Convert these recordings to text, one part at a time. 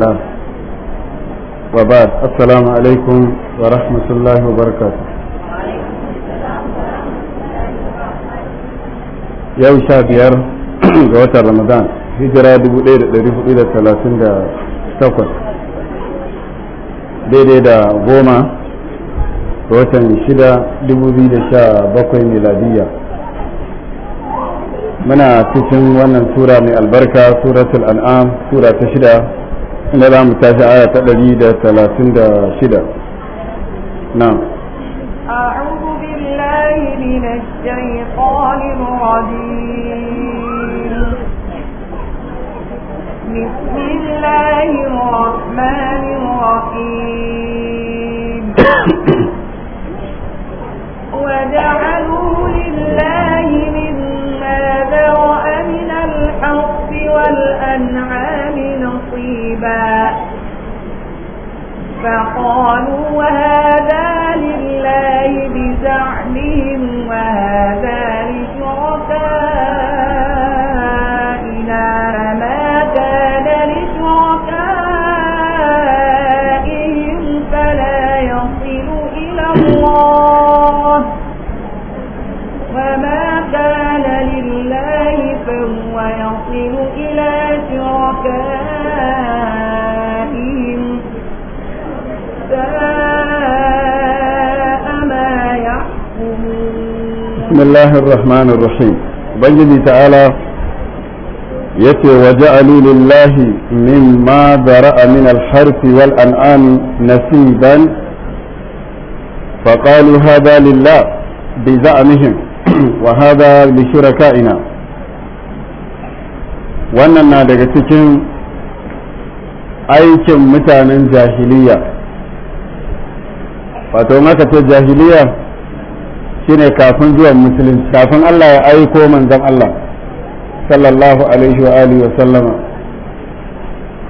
نعم وبعد السلام عليكم ورحمة الله وبركاته yau sha biyar ga watan ramadan hijira 1438 daidai da goma ga watan shida 2017 miladiyya muna cikin wannan sura mai albarka suratul an'am sura ta shida inda za mu tashi aya ta ɗari da أعوذ بالله من الشيطان الرجيم بسم الله الرحمن الرحيم وجعلوا نصيبا فقالوا وهذا لله بزعمهم وهذا bismillahir rahmanir rahim ubangiji ta'ala yace wa ja'alu lillahi mimma zara'a min al-harfi wal an'am nasiban fa qalu hadha lillah bi za'mihim wa hadha li shuraka'ina wannan na daga cikin aikin mutanen jahiliya wato maka ce jahiliya shine kafin zuwan musulunci kafin Allah ya aiko manzon Allah sallallahu alaihi wa alihi wa sallama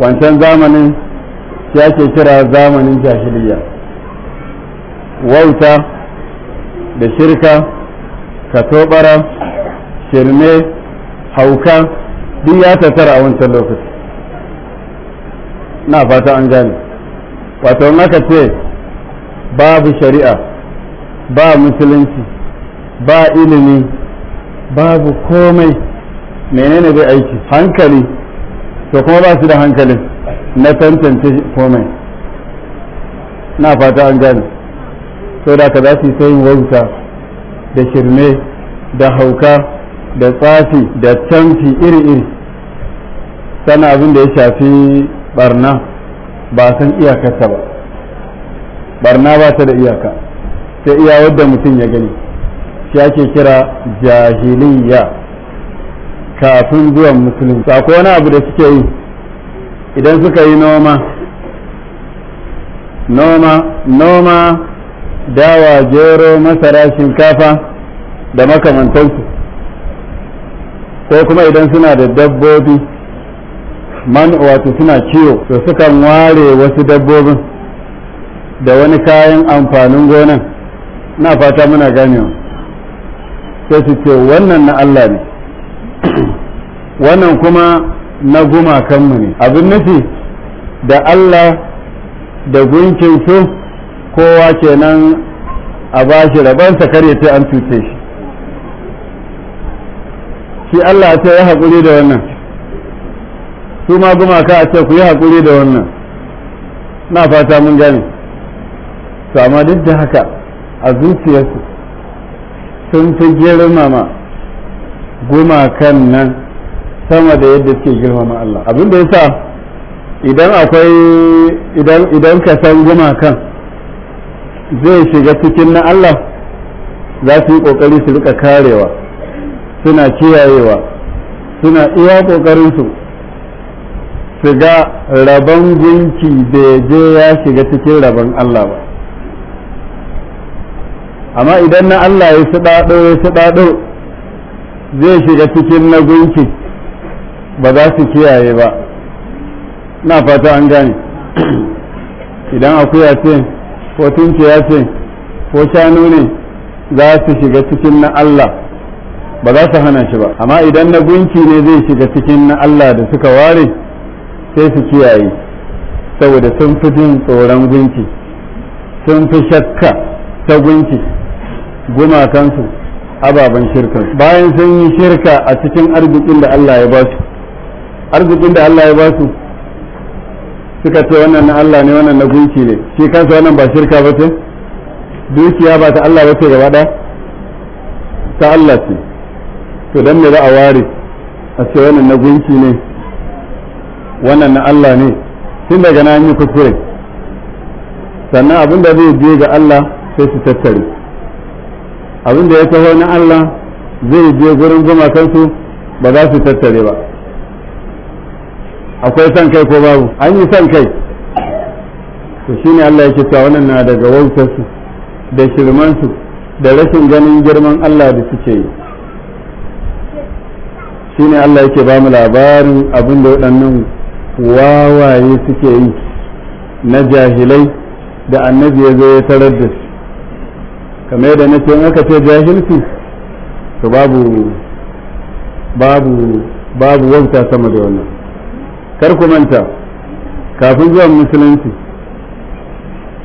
wancan zamanin ya ke kira zamanin jahiliya wauta da shirka katobara shirme hauka duk ya tattara a wancan lokaci na fata an gane wato in ce babu shari'a ba musulunci ba ilimi babu komai menene bai aiki hankali to kuma ba su da hankali na tantance komai na fata an gane so da ka za su yi da shirme da hauka da tsafi da canfi iri-iri sana abin da ya shafi barna ba san iyakarsa ba barna ba ta da iyaka sai iya wadda mutum ya gani shi ake kira jahiliya kafin zuwan musulunci ko wani abu da suke yi idan suka yi noma noma noma dawa jero masara shinkafa da makamantansu ko kuma idan suna da dabbobi man wato suna ciwo to sukan ware wasu dabbobin da wani kayan amfanin gonan na fata muna ganewa sai su ce wannan na Allah ne wannan kuma na gumakanmu ne abin nufi da Allah da gunkin su kowa kenan a bashi rabansa kar ya ce an cuce shi shi Allah ce ya haƙuri da wannan su ma gumaka a ce ku yi haƙuri da wannan na fata mun gani to amma duk da haka a zuciyarsu sun fi girmama gumakan nan sama da yadda suke girmama Allah abin da yasa idan akwai idan idan ka san gumakan zai shiga cikin na Allah za su yi kokari su rika karewa suna kiyayewa suna iya kokarin su su ga rabon gunki da je ya shiga cikin rabon Allah ba amma idan na Allah ya suɗaɗo ya zai shiga cikin na gunki ba za su kiyaye ba na fata an gane idan akuya ce ko tunciya ce ko shanu ne za su shiga cikin na Allah ba za su hana shi ba amma idan na gunki ne zai shiga cikin na Allah da suka ware sai su kiyaye saboda sun fi jin tsoron gunki sun fi shakka ta gunki gumakansu ababen shirkan bayan sun yi shirka a cikin arzikin da Allah ya ba su arzikin da Allah ya ba su suka ce wannan na Allah ne wannan na gunki ne shi kansa wannan ba shirka ba ce dukiya ba ta Allah ba ce gaba ɗaya ta Allah ce to dan me za a ware a ce wannan na gunki ne wannan na Allah ne tun daga na yi kuskure sannan abin da zai je ga Allah sai su tattare abin da ya taho na Allah zai je gurin gumakansu ba za su tattare ba akwai son kai ko babu an yi son kai to shine Allah yake cewa wannan na daga wautarsu da shirmansu da rashin ganin girman Allah da suke yi shine Allah yake ba mu labarin abin da waɗannan wawaye suke yi na jahilai da annabi ya zo ya tarar da su kamar yadda na ce in aka ce jahilci to babu babu babu wauta sama da wannan kar ku manta kafin zuwan musulunci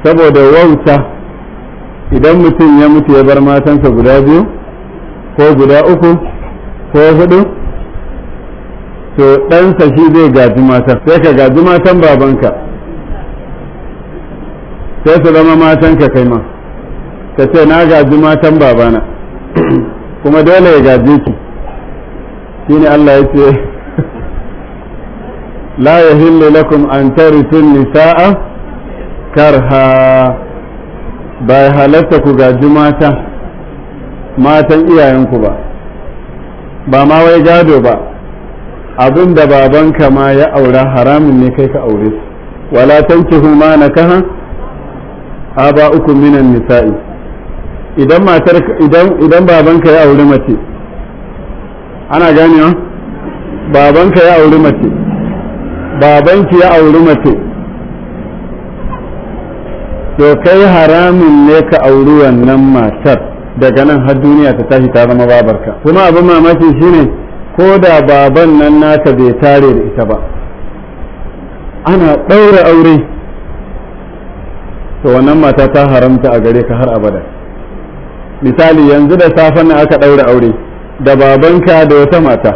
saboda wauta idan mutum ya mutu ya bar matansa guda biyu ko guda uku ko hudu to ɗansa shi zai gaji matan sai ka gaji matan babanka sai su zama ka kai ma ka ce na gaji matan babana kuma dole ya gaji ki shi ne Allah ya ce la ya yahillu lakum an tun nisaa karha ba halatta ku gaji mata matan iyayenku ba ba ma wai gado ba abin da babanka ma ya aura haramin ne kai ka aure su wala tankihu ma a aba uku minan nisa'i idan matar idan idan babanka ya auri mace ana ganewa babanka ya auri mace babanki ya auri mace to kai haramin ne ka auri wannan matar daga nan har duniya ta tashi ta zama babarka kuma abin mamaki shine ko da baban nan naka bai tare da ita ba ana ɗaura aure to wannan mata ta haramta a gare ka har abada misali yanzu da safen nan aka ɗaura aure da babanka da wata mata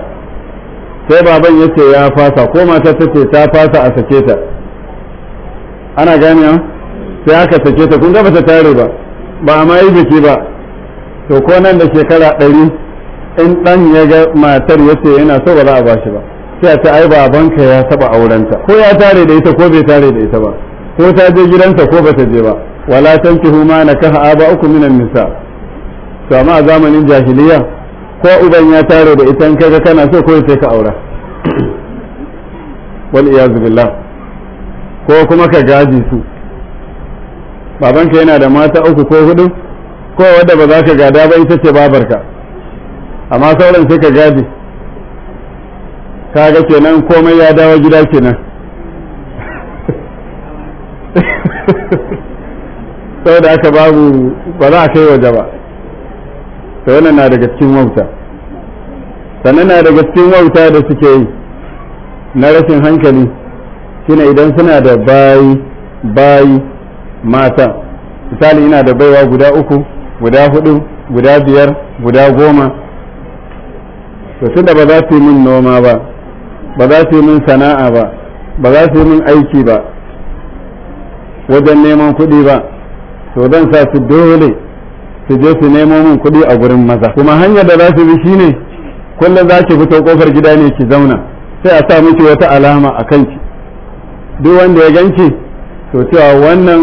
sai baban ya ce ya fasa ko matar ta ce ta fasa a sake ta ana gane sai aka sake ta kun gaba ta tare ba ba a ma yi biki ba to ko nan da shekara ɗari in ɗan ya ga matar ya ce yana so ba za a ba shi ba sai a ce ai babanka ya taɓa aurenta ko ya tare da ita ko bai tare da ita ba ko ta je gidansa ko ba ta je ba wala tankihu ma nakaha aba'ukum minan nisa' to amma a zamanin jahiliya ko uban ya tare da ita ga kana so ko sai ka aura wal iyaz billah ko kuma ka gaji su babanka yana da mata uku ko hudu ko wadda ba za ka gada ba ita ce babarka amma sauran sai ka gadi kaga kenan komai ya dawo gida kenan saboda aka babu ba za a kai waje ba to wannan na daga cikin wauta sannan na daga cikin wauta da suke yi na rashin hankali shine idan suna da bayi bayi mata misali ina da baiwa guda uku guda hudu guda biyar guda goma to tunda ba za su yi min noma ba ba za su yi min sana'a ba ba za su yi min aiki ba wajen neman kuɗi ba to zan sa su dole su je su nemo min kuɗi a gurin maza kuma hanyar da za su bi shine kullum za ki fito kofar gida ne ki zauna sai a sa miki wata alama a kanki duk wanda ya ganki to cewa wannan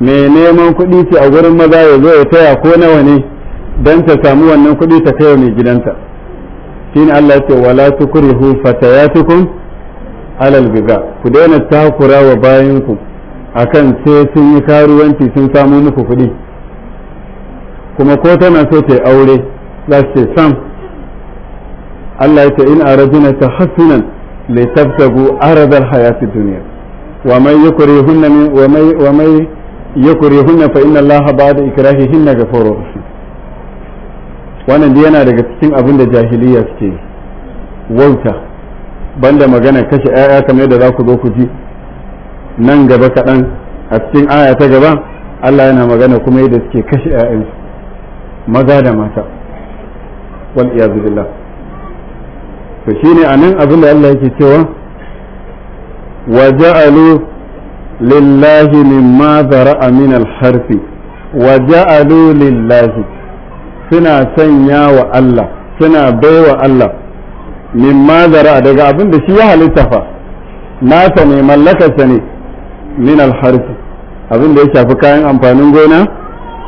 mai neman kuɗi ce a gurin maza ya zo ya taya ko nawa ne don ta samu wannan kuɗi ta kai mai gidanta shine Allah ce wala tukrihu fatayatukum alal biga ku daina takura wa bayanku akan sai sun yi karuwanci sun samu muku kuɗi kuma ko tana so ta yi aure za su ce sam Allah ya ce in aradina ta hasunan li tabtagu aradal hayati duniya wa mai yukrihunna min wa mai wa mai yukrihunna fa inna Allah ba'da ikrahihinna ghafurur foro. wannan dai yana daga cikin abin da jahiliya suke wauta banda magana kashe 'ya'ya kamar yadda za ku zo ku ji nan gaba kaɗan a cikin aya ta gaba Allah yana magana kuma yadda suke kashe 'ya'yansu maza da mata wal iyazu billah to shine anan abin da Allah yake cewa wa ja'alu lillahi mimma zara'a min al-harfi wa ja'alu lillahi suna sanya wa Allah suna baiwa Allah mimma zara'a daga abin da shi ya halitta fa ta ne ta ne min al-harfi abin da ya shafi kayan amfanin gona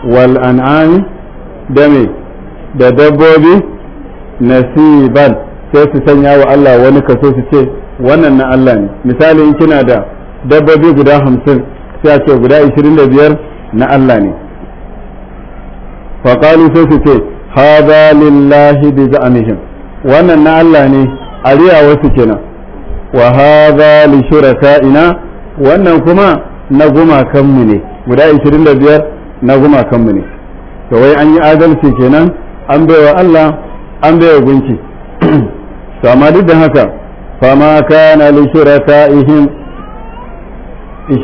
wal an'ami da me da dabbobi nasiban sai su sanya wa Allah wani kaso su ce wannan na Allah ne misali in kina da dabbobi guda hamsin sai a ce guda ishirin da biyar na Allah ne faƙalu sai su ce haza lillahi bi za'amihim wannan na Allah ne a riya wasu kenan wa haza li shuraka'ina wannan kuma na gumakanmu ne guda ishirin da biyar na gumakanmu ne to wai an yi adalci kenan an baiwa Allah an baiwa gunki to amma duk da haka Fa fama kana li shuraka'ihim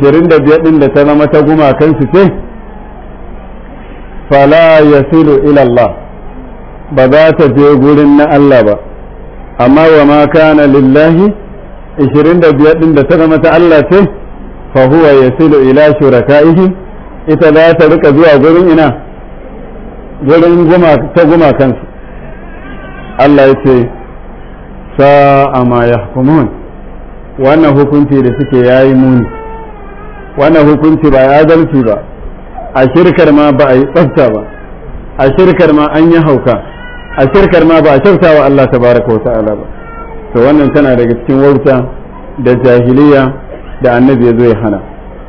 25 din da ta zama ta gumakan su ce fala yasilu ila Allah ba za ta je gurin na Allah ba amma wa ma kana lillahi 25 din da ta zama ta Allah ce fa huwa yasilu ila shuraka'ihim ita za ta rika zuwa gurin ina wurin ta kansu Allah ya ce sa'a ma ya hukumun wannan hukunci da suke yi muni wannan hukunci ba ya zarci ba a shirkar ma ba a yi tsafta ba a shirkar ma an yi hauka a shirkar ma ba a shirka wa Allah ta baraka wa ta'ala ba to wannan tana daga cikin wauta da jahiliya da annabi ya zo ya hana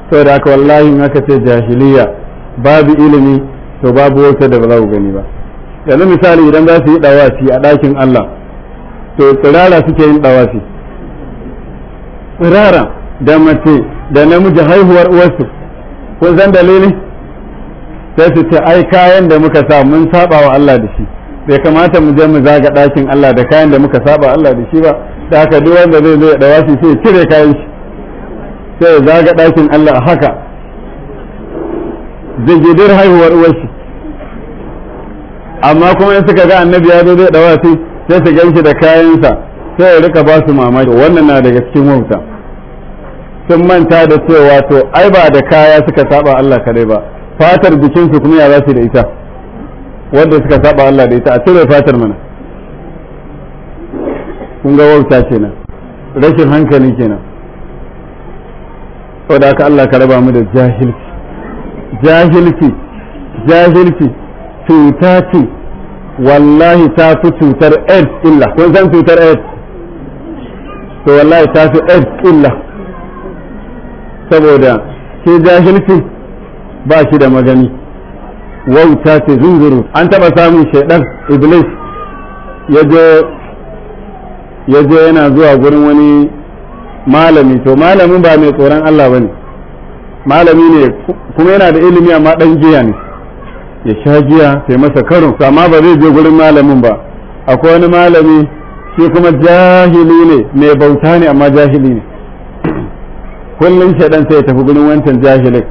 saboda haka wallahi in aka ce jahiliya babu ilimi to babu wata da ba za ku gani ba yanzu misali idan za su yi dawafi a ɗakin Allah to tsirara suke yin dawafi tsirara da mace da namiji haihuwar uwarsu kun san dalili sai su ce ai kayan da muka sa mun saba wa Allah da shi bai kamata mu je mu zaga ɗakin Allah da kayan da muka saba Allah da shi ba da haka duk wanda zai zo ya dawafi sai cire kayan shi sai zaga ɗakin Allah haka zai haihuwar uwarsu amma kuma in suka ga annabi ya zo zai dawa sai sai su ganshi da kayansa sai ya rika ba su mamaki wannan na daga cikin wauta sun manta da cewa to ai ba da kaya suka saba Allah kadai ba fatar su kuma ya za su da ita wanda suka saba Allah da ita a cire fatar mana kun ga wauta kenan rashin hankali kenan saboda haka Allah ka raba mu da jahilci jahilci jahilci cuta wallahi ta fi cutar aids illa kun san cutar aids to wallahi ta fi aids illa saboda ke jahilci ba shi da magani wauta ce zunzuru an taba samun shaidan iblis ya je yana zuwa gurin wani malami to malamin ba mai tsoron Allah ba ne malami ne kuma yana da ilimi amma ɗan jiya ne ya sha giya sai masa karo amma ba zai je gurin malamin ba akwai wani malami shi kuma jahili ne mai bauta ne amma jahili ne kullum shaɗan sai ya tafi gurin wancan jahilin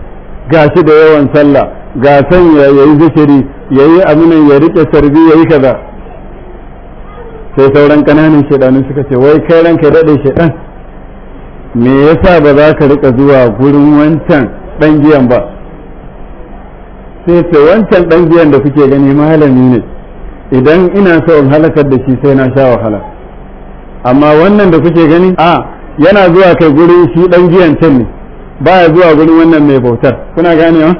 shi da yawan sallah ga san ya yi zikiri ya yi aminan ya riƙe sarbi ya yi kaza sai sauran ƙananan shaɗanu suka ce wai kai ranka daɗe shaɗan me yasa ba za ka riƙa zuwa gurin wancan ɗan giyan ba sai ce wancan dan giyan da kuke gani malami ne idan ina so in halakar da shi sai na sha wahala amma wannan da kuke gani a yana zuwa kai gurin shi dan giyan can ne baya zuwa gurin wannan mai bautar kuna wa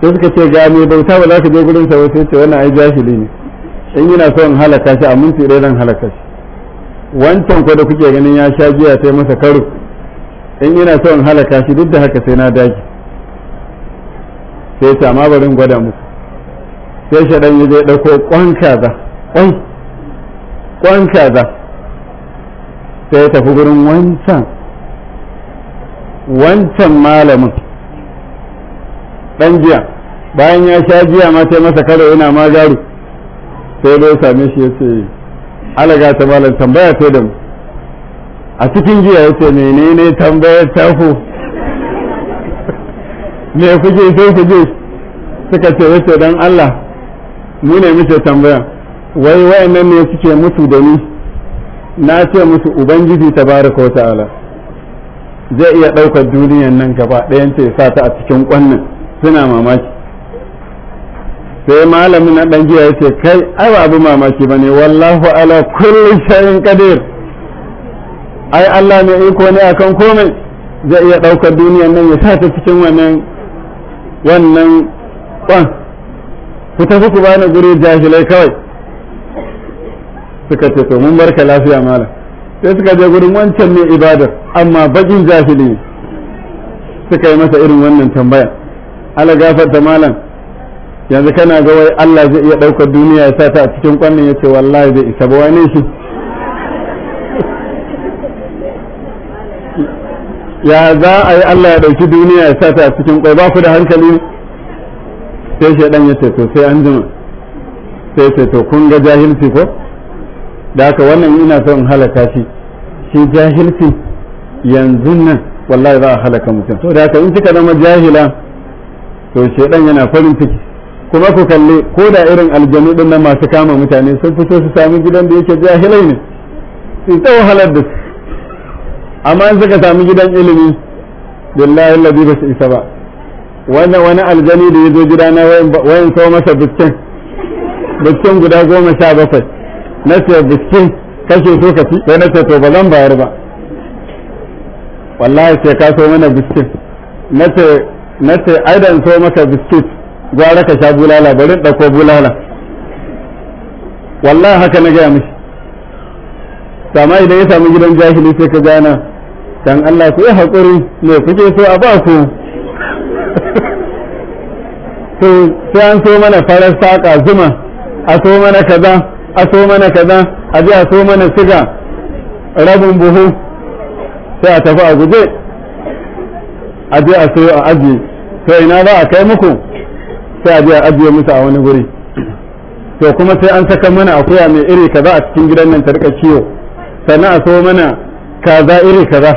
sai suka ce ga mai bauta ba za ka je gurin sa sai ce wannan ai jahili ne in yana so in halaka shi a minti dai zan halaka shi wancan ko da kuke ganin ya sha giya sai masa karo in yana so in halaka shi duk da haka sai na dage sai ta ma barin gwada muku sai shaɗan yi zai ɗauko ƙwan kaza ƙwan ƙwan kaza sai ya tafi gurin wancan wancan malamin ɗan jiya bayan ya sha jiya ma sai masa kada yana ma garu sai ya same shi ya ce alaga ta malam tambaya sai da mu a cikin jiya ya ce menene tambayar tafu me kuke sai ku je suka ce wace dan Allah mu ne muke tambaya wai wayannan ne suke mutu da ni na ce musu ubangiji tabaraka wa ta'ala zai iya ɗaukar duniyan nan gaba ɗayan ce sa ta a cikin ƙwannan suna mamaki sai malamin na ɗan giya yace kai ai ba abu mamaki ba ne wallahu ala kulli shay'in qadir ai Allah ne iko ne akan komai zai iya ɗaukar duniyan nan ya sa ta cikin wannan wannan kwan ku tafi ku bani guri jahilai kawai suka ce to mun barka lafiya malam sai suka je gurin wancan mai ibadar amma bakin jahili suka yi masa irin wannan tambaya ala gafarta malam yanzu kana ga wai Allah zai iya ɗaukar duniya ya sa ta a cikin kwannan ya ce wallahi zai isa ba wane shi ya za a yi Allah ya ɗauki duniya ya sata a cikin ƙwai ba ku da hankali sai ɗan ya ce to sai an jima sai ce to kun ga jahilci ko da haka wannan ina son halaka shi shi jahilci yanzu nan wallahi za a halaka mutum to da haka in kika zama jahila to ɗan yana farin ciki kuma ku kalli ko da irin aljanu din nan masu kama mutane sun fito su sami gidan da yake jahilai ne su tsawo halar da su amma in suka sami gidan ilimi billahi alladhi ba su isa ba wannan wani aljani da ya zo na wayan sau masa bikin. Bikin guda goma sha bakwai na ce bikin kashe so ka fi sai na ce to ba zan bayar ba wallahi sai ka so mana bikin. na ce na ce ai dan so maka biskit gwara ka sha bulala bari in bulala wallahi haka na gaya mishi sama idan ya samu gidan jahili sai ka gana dan Allah ku yi haƙuri ne kuke so a ba ku to sai an so mana farar saka zuma a so mana kaza a so mana kaza a ji a so mana siga rabin buhu sai a tafi a guje a je a so a ajiye to ina za a kai muku sai a je a ajiye musu a wani guri to kuma sai an saka mana akuya mai iri kaza a cikin gidan nan ta rika ciwo sannan a so mana kaza iri kaza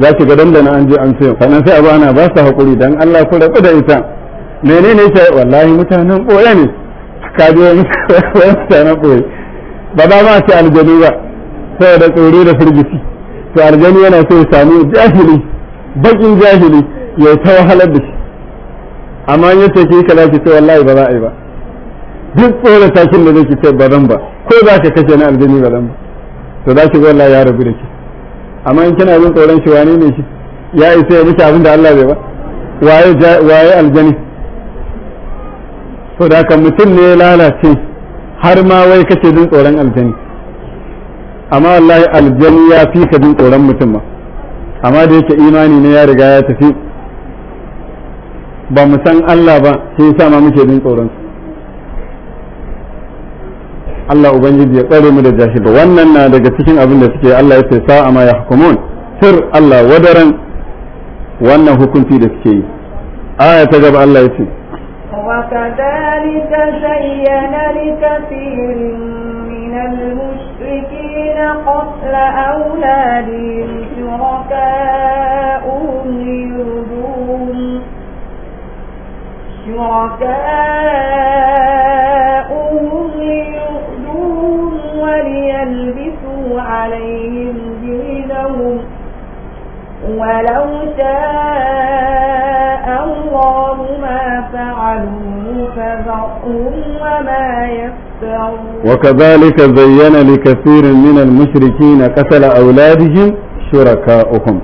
za ki ga dandana an je an sayo kwanan sai a bana ba su haƙuri dan Allah ku rabu da ita menene ce wallahi mutanen ɓoye ne ka je mutanen ɓoye ba za ma ci aljanu ba da tsoro da firgici to aljanu yana so ya samu jahili bakin jahili ya ta wahalar da shi amma ya ce ki kala ki ce wallahi ba za a yi ba duk tsoron takin da zai ki ce ba zan ba ko za ka kashe na aljani ba zan ba to za ki zo Allah ya rabu da ki amma in kina bin tsoron shi wane ne shi ya isa ya nika abin da Allah bai ba waye waye aljani to da kan mutum ne ya lalace har ma wai kace bin tsoron aljani amma wallahi aljani ya fi ka bin tsoron mutum ma amma da yake imani ne ya riga ya tafi ba mu san Allah ba sai sa ma muke bin tsoron su Allah ubangiji ya tsare mu da jahil wannan na daga cikin abin da suke Allah ya ce sa amma ya hukumun sir Allah wadaran wannan hukunci da suke yi aya ta gaba Allah ya ce وكذلك زين لكثير من المشركين قتل أولادهم شركاؤهم ليردوهم شركاؤهم ولو شاء الله ما فعلوه فذرهم وما يفترون وكذلك زين لكثير من المشركين قتل أولادهم شركاؤهم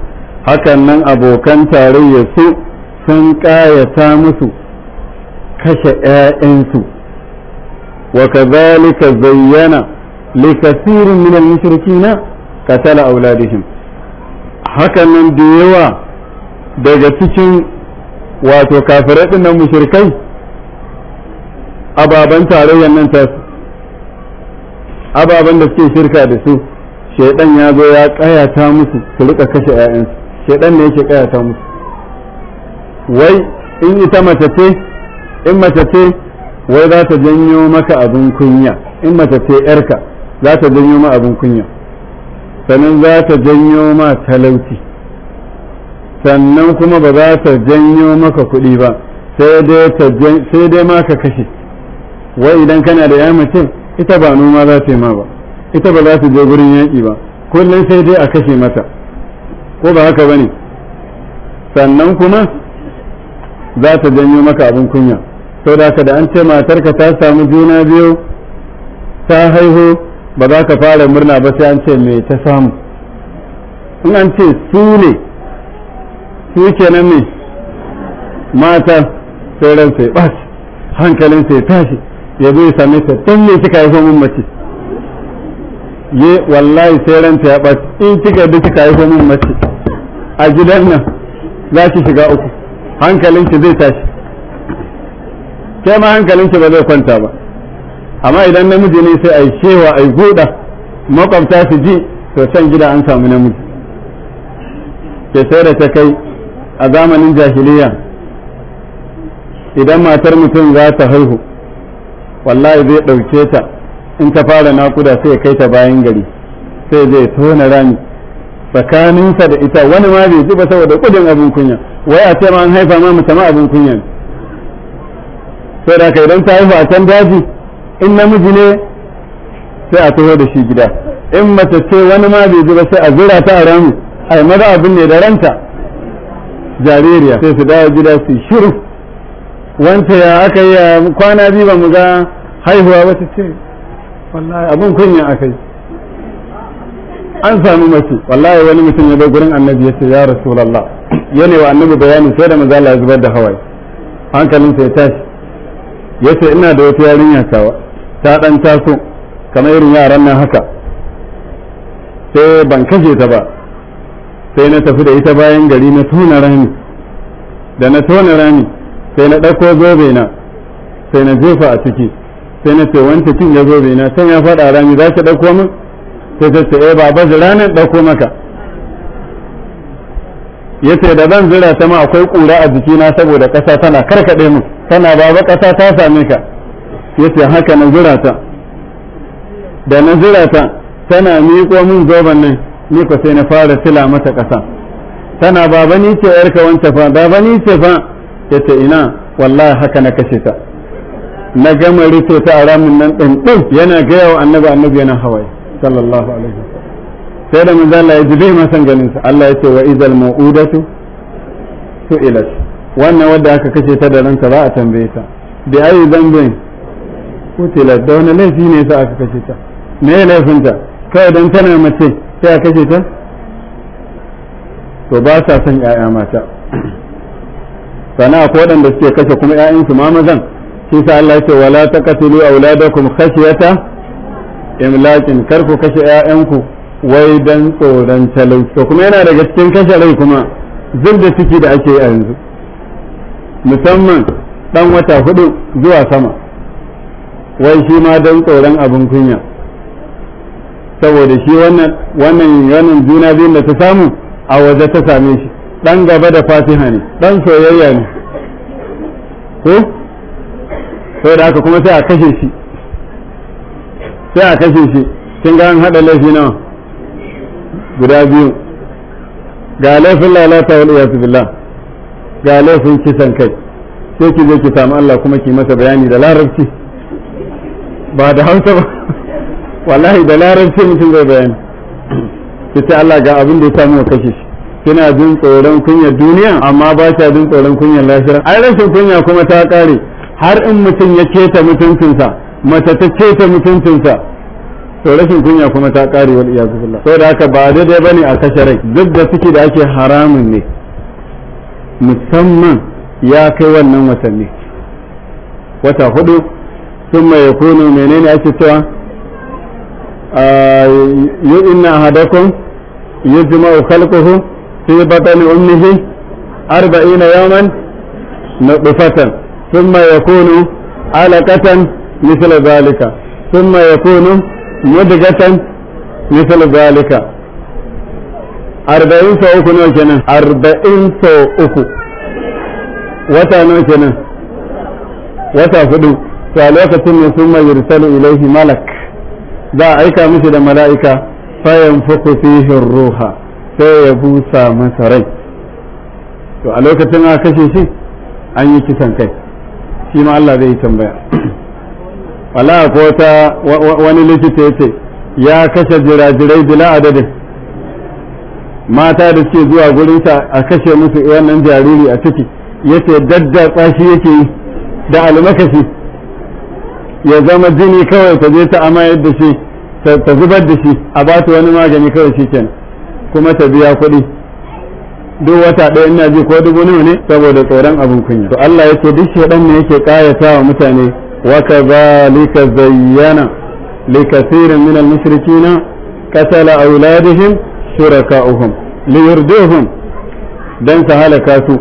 hakan nan abokan tarayya su sun ƙayata musu kashe ‘ya'yansu wa kazalika zayyana li kasirin minal mushrikina qatala auladihim hakanan da yawa daga cikin wato kafirai dinnan mushrikai ababen tarayyar nan ta ababen da suke shirka da su shaidan ya zo ya kayata musu su rika kashe 'ya'yansu shaidan ne yake kayata musu wai in ita mace ce in mace ce wai za ta janyo maka abin kunya in mace ce 'yarka za ta janyo ma abin kunya sannan za ta janyo ma talauci sannan kuma ba za ta janyo maka kuɗi ba sai dai ma ka kashe wai idan kana da ya mace ita ba noma za ta yi ma ba ita ba za ta je gurin yaƙi ba kullum sai dai a kashe mata ko ba haka ba ne sannan kuma za ta janyo maka abin kunya sau da haka da an ce matarka ta samu juna biyu ta haihu ba za ka fara murna ba sai an ce me ta samu in an ce su ne su kenan ne mata sai ran sai ɓaci hankalin sai tashi ya zo ya same ta don me suka haifo mun mace ye wallahi sai ran ta ya ɓaci in kika da suka haifo mun mace a gidan nan za ki shiga uku hankalin ki zai tashi kai ma hankalin ki ba zai kwanta ba amma idan namiji ne sai a yi shewa a yi guda makwabta su ji to can gida an samu namiji ke sai da ta kai a zamanin jahiliya idan matar mutum za ta haihu wallahi zai ɗauke ta in ta fara nakuda sai kai ta bayan gari sai zai tona rami tsakaninsa da ita wani ma bai ji ba saboda kudin abin kunya wai a ce ma an haifa ma mutama abin kunya sai da ka idan ta haifa a can daji in namiji ne sai a taho da shi gida in mace ce wani ma bai ji ba sai a zura ta a rami ai maza abin ne da ranta jaririya sai su dawo gida su shiru wanta ya aka yi kwana biyu ba mu ga haihuwa wata ce wallahi abin kunya aka yi an samu mace wallahi wani mutum ya bai gurin annabi ya ce ya lalla? yana wa annabi bayani sai da maza Allah zubar da hawaye hankalinsa ya tashi ya ce ina da wata yarinya kawa ta dan taso kamar irin yaran nan haka sai ban kaje ta ba sai na tafi da ita bayan gari na tona rami da na tona rami sai na ɗauko zobe na sai na jefa a ciki sai na ce wancan kin ya zobe na sai ya faɗa rami za ki ɗauko min sai ta ce eh baba jira nan ɗauko maka ya ce da zan jira ta ma akwai ƙura a jikina saboda ƙasa tana karkaɗe mu tana baba ƙasa ta same ka yace haka na zura ta da na zura ta tana miƙo min zoban nan ni ko sai na fara sila mata ƙasa tana baba ni ce 'yar ka wanta fa baba ni ce fa yace ina wallahi haka na kashe ta na gama rito ta a ramin nan ɗin ɗin yana gaya wa annabi annabi yana hawaye sallallahu alaihi sai da manzo Allah ya ji bai ma san ganin sa Allah ya ce wa idal mu'udatu su'ilat wannan wanda aka kashe ta da ranta ba a tambaye ta bi ayi zambin Ko kutilar da wani laifi ne sa aka kashe ta me ya laifinta kawai don tana mace sai a kashe ta to ba sa son 'ya'ya mata sana ko waɗanda suke kashe kuma su ma mazan shi sa Allah ce wala taqtulu auladakum khashyata imlakin kar ku kashe 'ya'yanku wai dan tsoron talau to kuma yana daga cikin kashe rai kuma da ciki da ake yi a yanzu musamman dan wata hudu zuwa sama wai shi ma don tsoron abin kunya saboda shi wannan wannan yanin juna biyun da ta samu a waje ta same shi dan gaba da fatiha ne dan soyayya ne ko sai da haka kuma sai a kashe shi sai a kashe shi kin ga an hada laifi nawa guda biyu ga laifin lalata wal iyyasu billah ga laifin kisan kai sai ki je ki samu Allah kuma ki masa bayani da larabci ba da hausa ba wallahi da larabci mutum zai bayani ki ce Allah ga abin da ya samu kashe shi kina jin tsoron kunyar duniya amma ba kya jin tsoron kunyar lafiya ai rashin kunya kuma ta kare har in mutum ya keta mutuncinsa mace ta keta mutuncinsa to rashin kunya kuma ta kare wal iyaz billah saboda haka ba daidai bane a kashe rai duk da suke da ake haramun ne musamman ya kai wannan watanni wata hudu ثم يكون منين أكتوى يؤن أحدكم يجمع خلقه في بطن أمه أربعين يوما نطفة ثم يكون علقة مثل ذلك ثم يكون مدقة مثل ذلك أربعين سو أكو نوع أربعين سو أكو وتا نوع وتا فدو to a lokacin ne sun mai yurtalu ilaihi malak za a aika mishi da mala'ika fayan fuku fihin ruha sai ya busa masa rai to a lokacin a kashe shi an yi kisan kai shi ma Allah zai yi tambaya wala ko ta wani likita ya ce ya kashe jirajirai bila adadin mata da suke zuwa sa a kashe musu wannan jariri a ciki yace daddatsa shi yake yi da almakashi ya zama jini kawai ta je ta amma yadda shi ta zubar da shi a ba ta wani magani kawai shi kenan kuma ta biya kuɗi duk wata ɗaya ina ji ko dubu nawa ne saboda tsoron abin kunya to Allah yake duk shedan ne yake kayata wa mutane wa kadhalika zayyana likathirin min al-mushrikina qatala awladihim shuraka'uhum liyurduhum dan su halaka su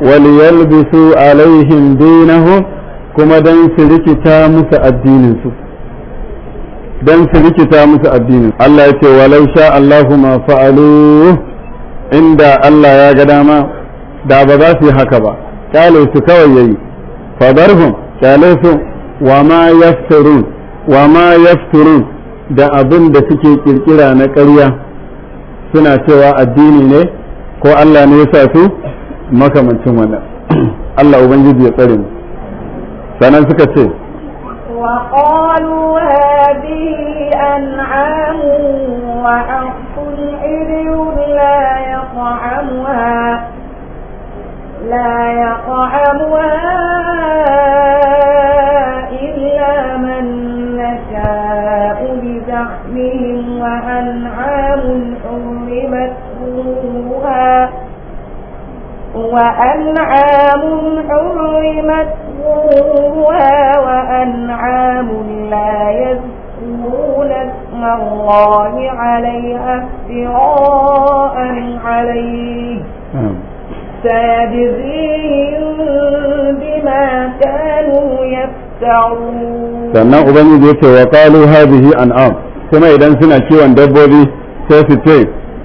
wa liyalbisu alaihim dinahum kuma don su rikita musu addininsu don su rikita musu addinin Allah ya ce walau sha Allahu ma fa'alu inda Allah ya ga dama da ba za su yi haka ba kyale su kawai yayi fadarhum kyale su wa ma yafturun wa ma yafturun da abin da suke kirkira na ƙarya suna cewa addini ne ko Allah ne ya sa su makamancin wannan Allah ubangiji ya tsare mu sannan suka ce وقالوا هذه أنعام وحق حر لا يطعمها لا يطعمها إلا من نشاء بزعمهم وأنعام حرمت ظهورها وأنعام حرمت ظهورها وأنعام لا يذكرون اسم الله عليها افتراء عليه سيجزيهم بما كانوا يفترون sannan ubangiji ya ce wa qalu hadhihi an'am kuma idan suna kiwon dabbobi sai su ce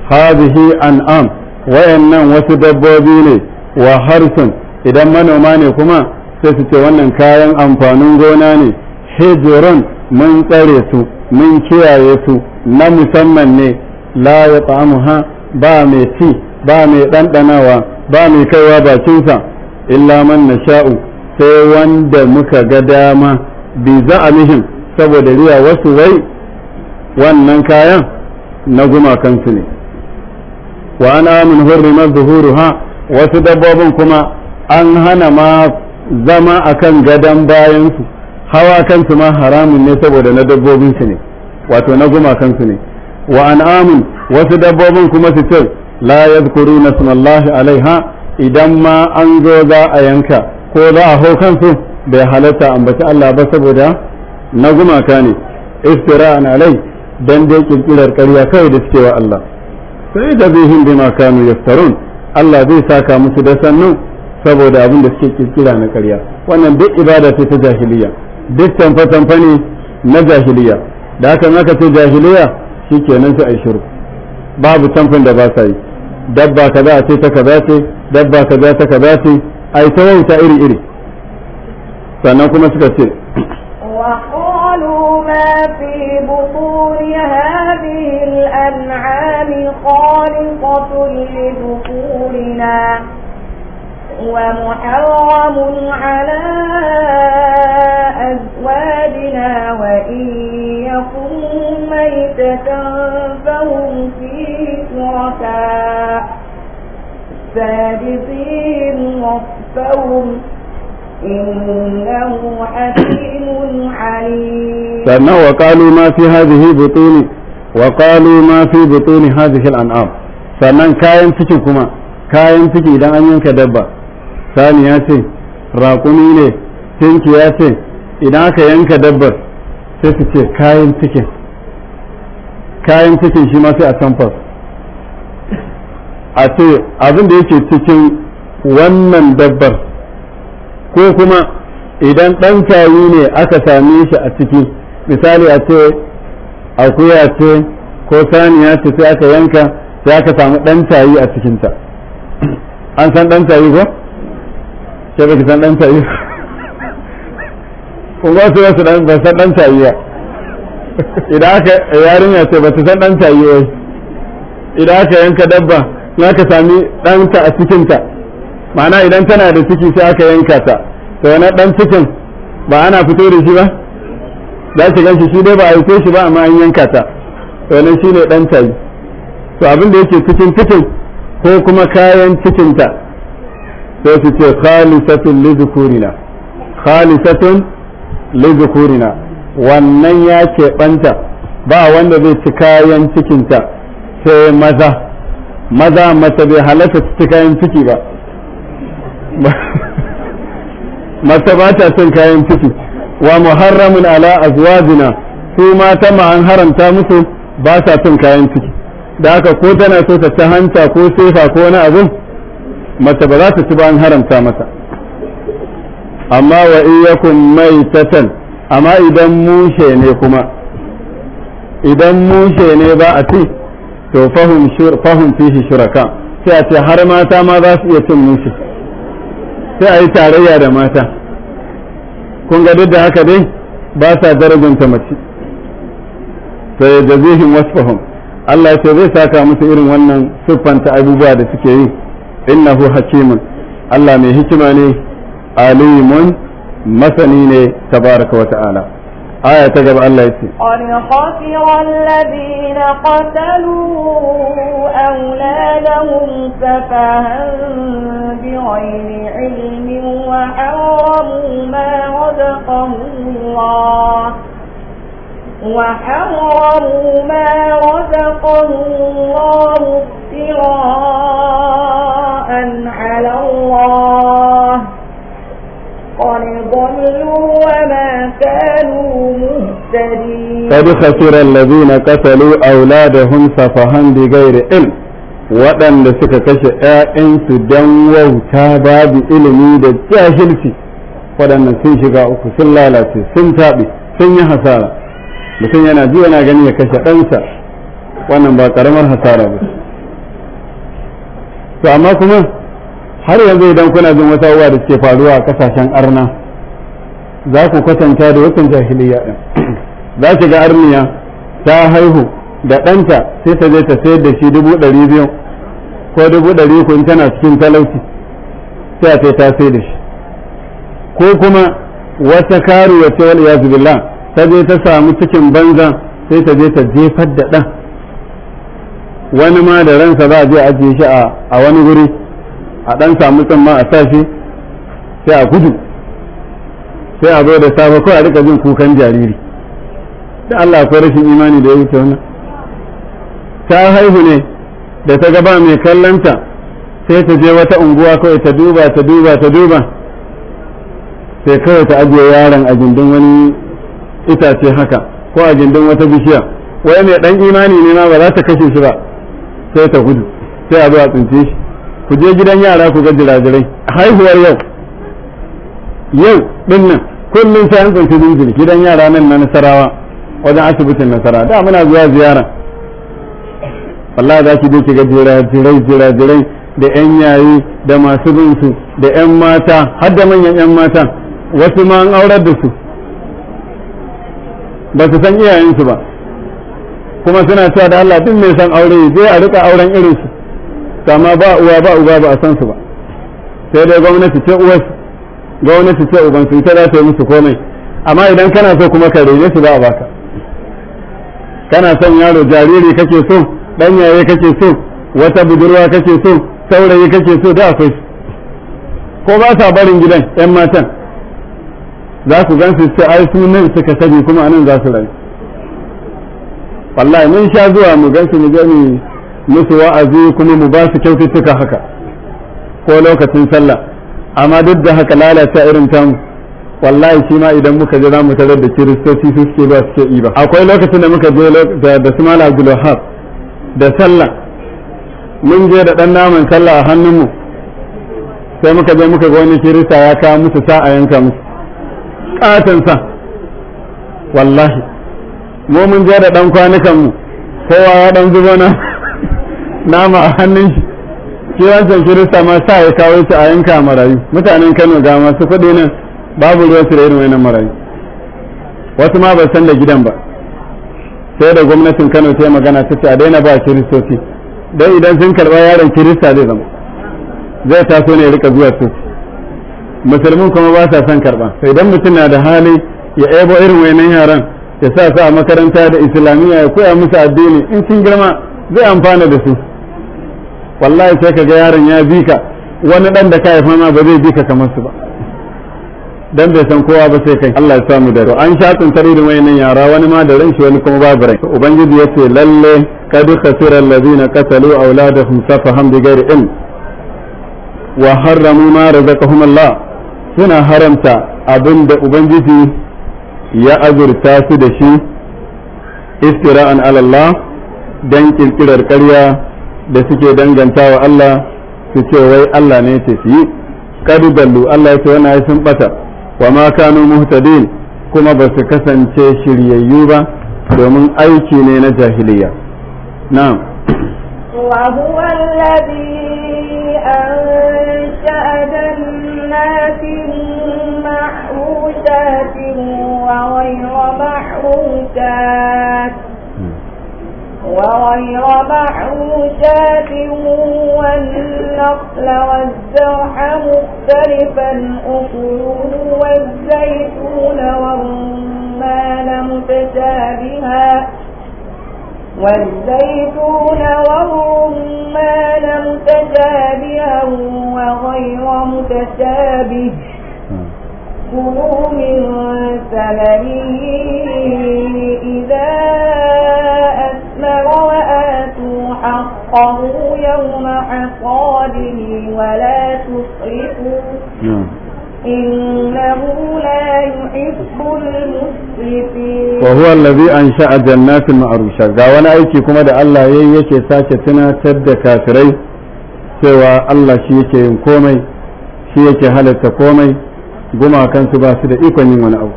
hadhihi an'am wayannan wasu dabbobi ne wa harsun idan manoma ne kuma sai su ce wannan kayan amfanin gona ne hijirun mun tsare su mun kiyaye su na musamman ne la ya ha ba mai ci ba mai ɗanɗanawa ba mai kaiwa bakinsa illa man sha'u sai wanda muka ga dama bi za'amihim saboda riya wasu wai wannan kayan na gumakansu ne wa ana min hurrimat zuhuruha wasu dabbobin kuma an hana ma zama kan gadon bayan su hawa kansu ma haramun ne saboda na dabbobin su ne wato na gumakan su ne wa an'amun wasu dabbobin kuma su ce la yadhkuruna smallahi alaiha idan ma an zo za a yanka ko za a hau kansu bai a ambaci Allah ba saboda na gumaka ne istira'an alai dan dai kirkirar ƙarya kawai da suke wa Allah sai da bima kanu yaftarun Allah zai saka musu da sannu saboda abin da suke kirkira na ƙarya wannan duk ibada ce ta jahiliya duk tamfa tamfa ne na jahiliya da haka aka ce jahiliya shikenan sai ai shiru babu tamfin da ba sa yi dabba kaza ce ta kaza ce dabba kaza ta kaza ce ai ta wauta iri iri sannan kuma suka ce خالقة لذكورنا ومحرم على أزواجنا وإن يكن ميتة فهم فيه شركاء سادسين وصفهم إنه حكيم عليم فأنه وقالوا ما في هذه بطون wa qalu ma fi butuni hadhihi al-an'am sannan kayan cikin kuma kayan ciki idan an yanka dabba ya ce raƙumi ne ya ce idan aka yanka dabbar sai su ce kayan cikin kayan cikin shi ma sai a tamfar a ce abin da yake cikin wannan dabbar ko kuma idan ɗan tayi ne aka same shi a ciki misali a ce akuya ce ko saniya ce sai aka yanka sai aka samu ɗan tayi a cikinta an san ɗan tayi ko ke ba ki san ɗan tayi ko ba su ba su ba san ɗan tayi ba idan aka yarinya ce ba su san ɗan tayi ba idan aka yanka dabba sai aka sami ta a cikinta ma'ana idan tana da ciki sai aka yanka ta to wani ɗan cikin ba ana fito da shi ba za su gan shi shi dai ba a yi shi ba amma an yanka ta wannan ne dan tayi to abin da yake cikin cikin ko kuma kayan cikin ta sai su ce khalisatun lizukurina khalisatun lizukurina wannan ya ke banta ba wanda zai ci kayan cikin ta sai maza maza mace bai halatta ci kayan ciki ba mace ba ta son kayan ciki wa muharramun ala azwajina su mata ma an haramta musu ba sa cin kayan ciki da aka ko tana so ta ta hanta ko sefa ko wani abu mace ba za ta ci ba an haramta mata amma wa iyakum mai tatan amma idan mushe ne kuma idan mushe ne ba a ci to fahim fahim fihi shuraka sai a ce har mata ma za su iya cin mushe sai a yi tarayya da mata kun ga duk da haka dai ba sa darajanta mace fa yajzihim wasfahum Allah ya ce zai saka musu irin wannan ta abubuwa da suke yi innahu hakimun Allah mai hikima ne alimun masani ne tabaraka wa ta'ala آية تجب أن لا يسي قد خسر الذين قتلوا أولادهم سفها بغير علم وحرموا ما رزقهم الله وحرموا ما رزقهم الله افتراء على الله قد ضلوا وما كانوا مهتدين قد خسر الذين قتلوا أولادهم سفها بغير علم waɗanda suka kashe ‘ya'yansu don wauta babu ilimi da jahilci waɗannan sun shiga uku sun lalace sun taɓe sun yi hasara mutum yana ji yana gani ya kashe ɗansa wannan ba ƙaramar hasara ba to amma kuma har yanzu idan kuna jin wata uwa da ke faruwa a kasashen arna za ku kwatanta da watan jahiliya din za ki ga arniya ta haihu da ɗanta sai ta je ta sayar da shi dubu ɗari biyu ko dubu ɗari kun tana cikin talauci sai a ta sai da shi ko kuma wata karuwa ce ya iyazu billah ta je ta samu cikin banza sai ta je ta jefar da ɗan wani ma da ransa za a je ajiye shi a wani guri a ɗan samu can ma a sashi sai a gudu sai a zo da safe ko a rika jin kukan jariri da Allah akwai rashin imani da ya wuce wannan ta haihu ne da ta gaba mai kallanta sai ta je wata unguwa kawai ta duba ta duba ta duba sai kawai ta ajiye yaron a gindin wani itace haka ko a gindin wata bishiya wai mai dan imani ne ma ba za ta kashe shi ba sai ta gudu sai a zo a tsince shi ku je gidan yara ku ga jirajirai haihuwar yau yau din nan kullum sai an tsanci dinjin gidan yara nan na nasarawa wajen asibitin nasara da muna zuwa ziyara wallahi za ki je ki ga jirajirai jirajirai da yan yayi da masu bin da yan mata har da manyan yan mata wasu ma an aurar da su ba su san iyayensu ba kuma suna cewa da Allah din mai san aure zai a rika auren irin su. sama ba uwa ba uba ba a san su ba sai dai gwamnati ce uwa gwamnati ce uban su ita za ta yi musu komai amma idan kana so kuma ka rene su ba a baka kana son yaro jariri kake so dan yaye kake so wata budurwa kake so saurayi kake so da akwai ko ba sa barin gidan yan matan za su gan su ce ai su nan suka sani kuma anan za su rayu wallahi mun sha zuwa mu gan su mu je mu musu wa'azi kuma mu ba su kyaututtuka haka ko lokacin sallah amma duk da haka lalata irin tamu wallahi shi ma idan muka je za mu tarar da kiristoci su suke ba su ce ba akwai lokacin da muka je da su mala gulohar da sallah mun je da dan naman sallah a hannunmu sai muka je muka ga wani kirista ya kawo musu sa'a yanka musu katon sa wallahi mu mun je da dan kwanukan mu kowa ya dan zubo na nama a hannun shi shi wancan kirista ma sa ya kawo shi a yanka marayu mutanen kano ga masu kuɗi nan babu ruwan su da irin wannan marayu wasu ma ba san da gidan ba sai da gwamnatin kano yi magana ta ce a daina ba kiristoci don idan sun karɓa yaron kirista zai zama zai taso ne ya rika zuwa su musulmin kuma ba sa son karɓa sai idan mutum na da hali ya ebo irin wayannan yaran ya sa su a makaranta da islamiyya ya koya musu addini in sun girma zai amfana da su wallahi sai ka ga yaron ya bi ka wani dan da ka haifa ma ba zai bi ka kamar su ba dan bai san kowa ba sai kai Allah ya samu da to an sha tantare da wayannan yara wani ma da ranshi wani kuma babu rai ubangiji yace lalle kad khasira allazina qatalu auladahum safahan bighairi ilm wa harramu ma razaqahum Allah suna haramta abin da ubangiji ya azurta su da shi iftira'an ala Allah dan kirkirar ƙarya da suke danganta wa Allah su ce wai Allah ne ce fi kadu dallu Allah ce wani sun bata wa ma kanu muhtadin kuma ba su kasance shiryayyu ba domin aiki ne na jahiliya na'am wa huwa alladhi وغير محوشات والنقل والزرع مختلفا أصله والزيتون والرمان متشابها والزيتون والرمان متشابها وغير متشابه كلوا من ثمره إذا الْبِرَّ وَآتُوا حَقَّهُ يَوْمَ حَصَادِهِ وَلَا تُسْرِفُوا إنه لا يحب المسرفين وهو الذي أنشأ جنات معروشة قاوانا أيكي كما دا الله ييكي ساكتنا تد كافري سوى الله شيكي ينكومي شيكي هلت كومي goma kan su ba su da ikon yin wani abu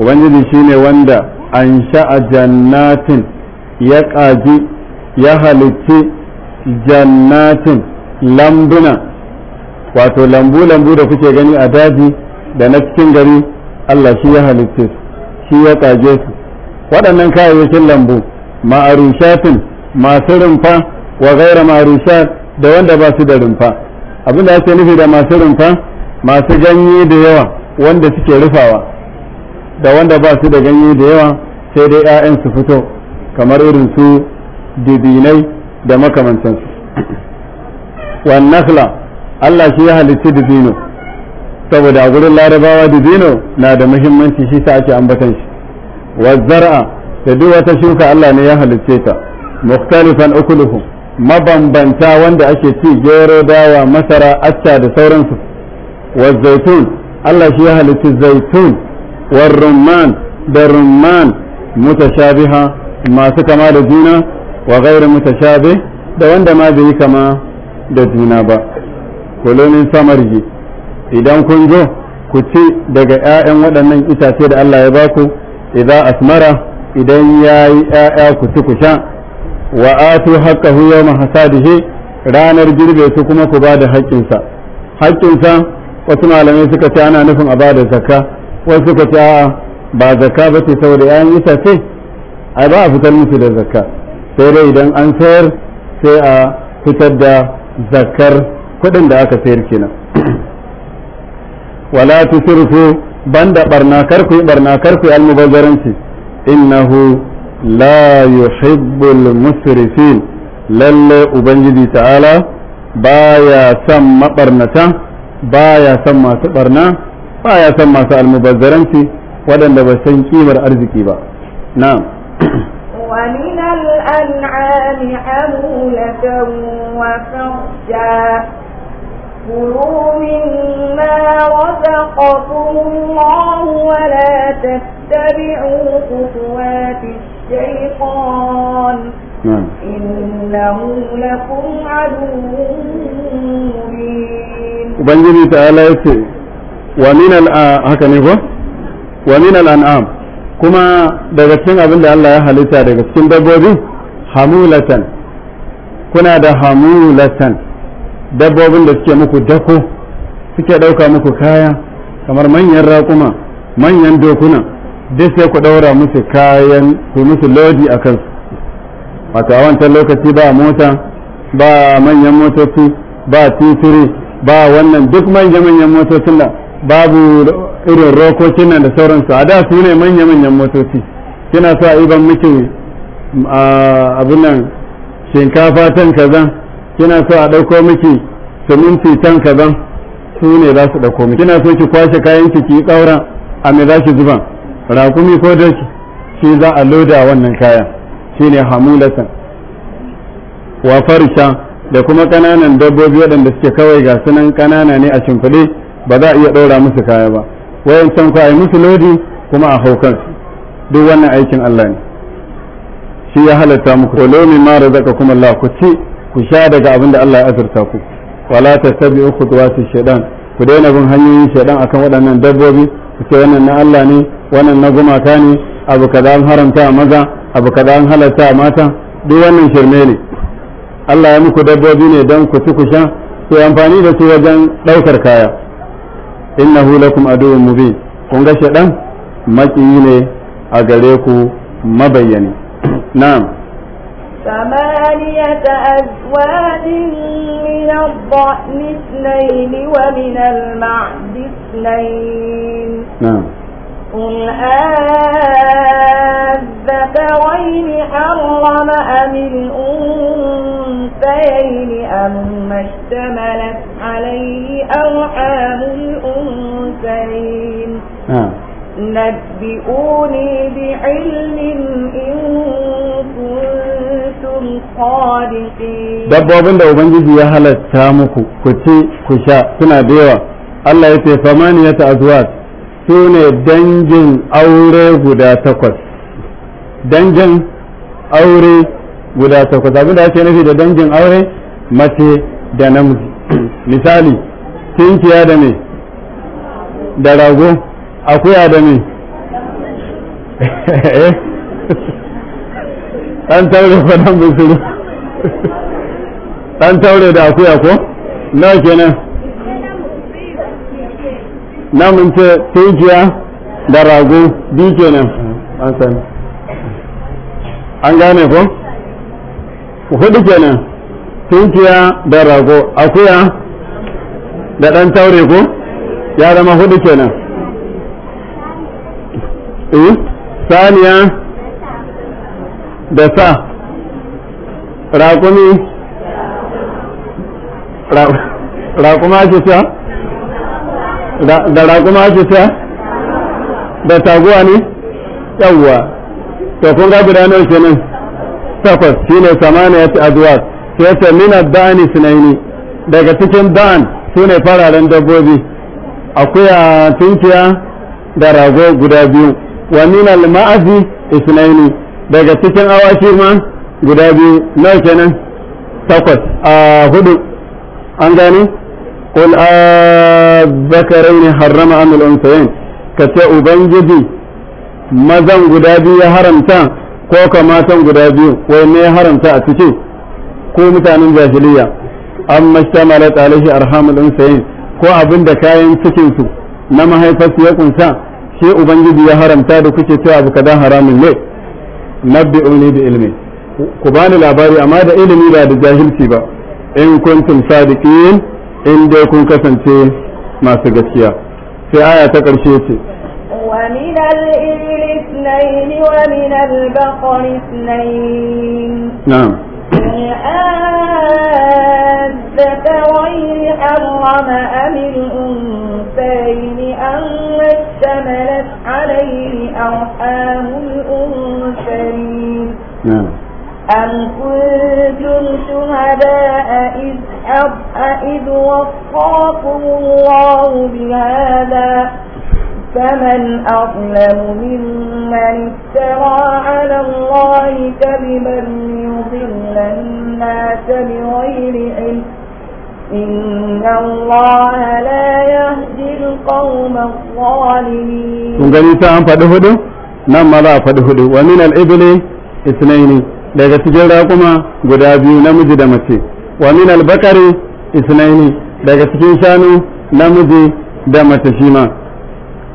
ubangiji shine wanda an sha'a jannatin ya ƙaji ya halicci jannatin lambuna wato lambu-lambu da kuke gani a daji da na cikin gari Allah shi ya halicce shi ya ƙaje su waɗannan kayayyakin lambu ma'arushatin masu rumfa wa gaira ma'arusha da wanda ba su da rumfa abinda ake nufi da masu rumfa masu ganye da yawa wanda suke rufawa da wanda ba su da ganye da yawa sai dai 'ya'yan su fito kamar irin su dibinai da makamancinsu. wan nakhla Allah shi ya halicci dibino saboda a gurin larabawa dibino na da muhimmanci shi sa ake ambatan shi wa zar'a da duk wata shuka Allah ne ya halicce ta mukhtalifan ukuluhu mabambanta wanda ake ci gero dawa masara acca da sauransu wa zaitun Allah shi ya halicci zaitun wa rumman da rumman mutashabiha masu kama da juna wa sha mutashabih da wanda ma bai kama da juna ba kolonin samarji idan kun zo ku ci daga 'ya'yan waɗannan itace da Allah ya ba ku idan asmara idan ya yi 'ya'ya ku ci ku sha wa atu haqqahu yawma hasadihi ranar girbe su kuma ku ba da haƙƙinsa haƙƙinsa wasu malamai suka ce ana nufin a ba da zakka wasu suka ce a'a ba zakka ba ce saboda 'ya'yan itace A ba a fitar musu da zakka sai dai idan an sayar sai a fitar da zakkar kuɗin da aka sayar kenan wala tusrifu banda barna karku barna karku almubazzaranci innahu la yuhibbul musrifin lalle ubangiji ta'ala baya son mabarnata baya son masu barna baya son masu almubazzaranci waɗanda ba san kimar arziki ba na'am ومن الأنعام حمولة وفرشا كلوا مما رزقكم الله ولا تتبعوا خطوات الشيطان إنه لكم عدو مبين وبنجي تعالى ومن الأنعام kuma daga cikin abin da Allah ya halitta daga cikin dabbobi hamulatan kuna da hamulatan dabbobin da suke muku dako suke ɗauka muku kaya kamar manyan raƙuma manyan dokuna duk sai ku ɗaura musu kayan ku musu lodi a kansu wato a wancan lokaci ba mota ba manyan motoci ba titiri ba wannan duk manya-manyan motocin da babu irin rokokin nan da sauransu a da su ne manya-manyan motoci kina sa iban miki abin nan shinkafa tan kazan kina so a ɗauko miki suminti tan kazan su ne za su ɗauko miki kina so ki kwashe kayan ki ki ƙaura a me za ki zuba rakumi ko da shi za a loda wannan shi shine hamulatan wa farsha da kuma ƙananan dabbobi waɗanda suke kawai ga sunan ƙanana ne a shimfiɗe ba za a iya ɗaura musu kaya ba wayancan ku a yi musu lodi kuma a hau kansu duk wannan aikin Allah ne shi ya halatta muku walo mara ma kuma Allah ku ci ku sha daga abin da Allah ya azurta ku wala tattabi'u khutuwati shaytan ku daina bin hanyoyin shaytan akan waɗannan dabbobi ku ce wannan na Allah ne wannan na gumaka ne abu kaza an haramta maza abu kaza an halatta mata duk wannan shirme ne Allah ya muku dabbobi ne don ku ci ku sha ku amfani da su wajen ɗaukar kaya innahu lakum aduwwun mubin kun ga shedan makiyi ne a gare ku mabayyani na'am ثمانية أزواج من الضأن اثنين ومن المعد اثنين نعم الآذبين حرم أم الأنثيين أم ما اشتملت عليه أرحام الأنتين آه. نبئوني بعلم إن كنتم صادقين بابوابن دعو بنجيزي يا هلا تامكو كتي كشا سنا ديوة الله يتي ثمانية أزواج su ne dangin aure guda takwas dangin aure guda takwas abinda ake nufi da dangin aure mace da namiji misali tinkiya da me da rago akuya da me ɗan eh? taure fadan musulun ɗan taure da akuya ko nawa kenan mun ce tunkiya da rago biyu kenan an san an gane ko hudu kenan tunkiya da rago akuya da ɗan taure ko ya zama hudu kenan eh saniya da sa rakumi raƙuma ce sa da raƙuma ake saya da taguwa ne yawwa to kun ga guda kenan takwas shine samana ya ci aduwat sai ta mina dani sunaini daga cikin dan su ne fararen dabbobi akuya tunkiya da rago guda biyu wa mina al ma'azi isnaini daga cikin awaki ma guda biyu nawa kenan takwas a hudu an gani قل أذكرين حرم أم الأنثيين كتي أبنجدي مزن قدابي هرمتا كوكا ماتن قدابي وإني هرمتا أتكي كومتا من جاهلية أما اشتملت عليه أرحام الأنثيين ko abin da kayan cikinsu na mahaifarsu ya kunsa shi ubangiji ya haramta da kuke cewa abu kaza haramun ne nabbi'uni bi ilmi ku bani labari amma da ilimi ba da jahilci ba in kuntum sadiqin in dai kun kasance masu gaskiya sai aya ta ƙarshe ce ومن الإبل اثنين ومن البقر اثنين نعم الذكرين حرم أم الأنثيين أم اشتملت عليه أرحام الأنثيين نعم أم كنتم شهداء إذ, إذ وصاكم الله بهذا فمن أظلم ممن افترى على الله كذبا ليضل الناس بغير علم إن الله لا يهدي القوم الظالمين. من قال أن فدهده؟ نعم لا فدهده ومن الإبل اثنين daga cikin raƙuma guda biyu namiji da mace wa min albakari isnaini daga cikin shanu namiji da mace shi ma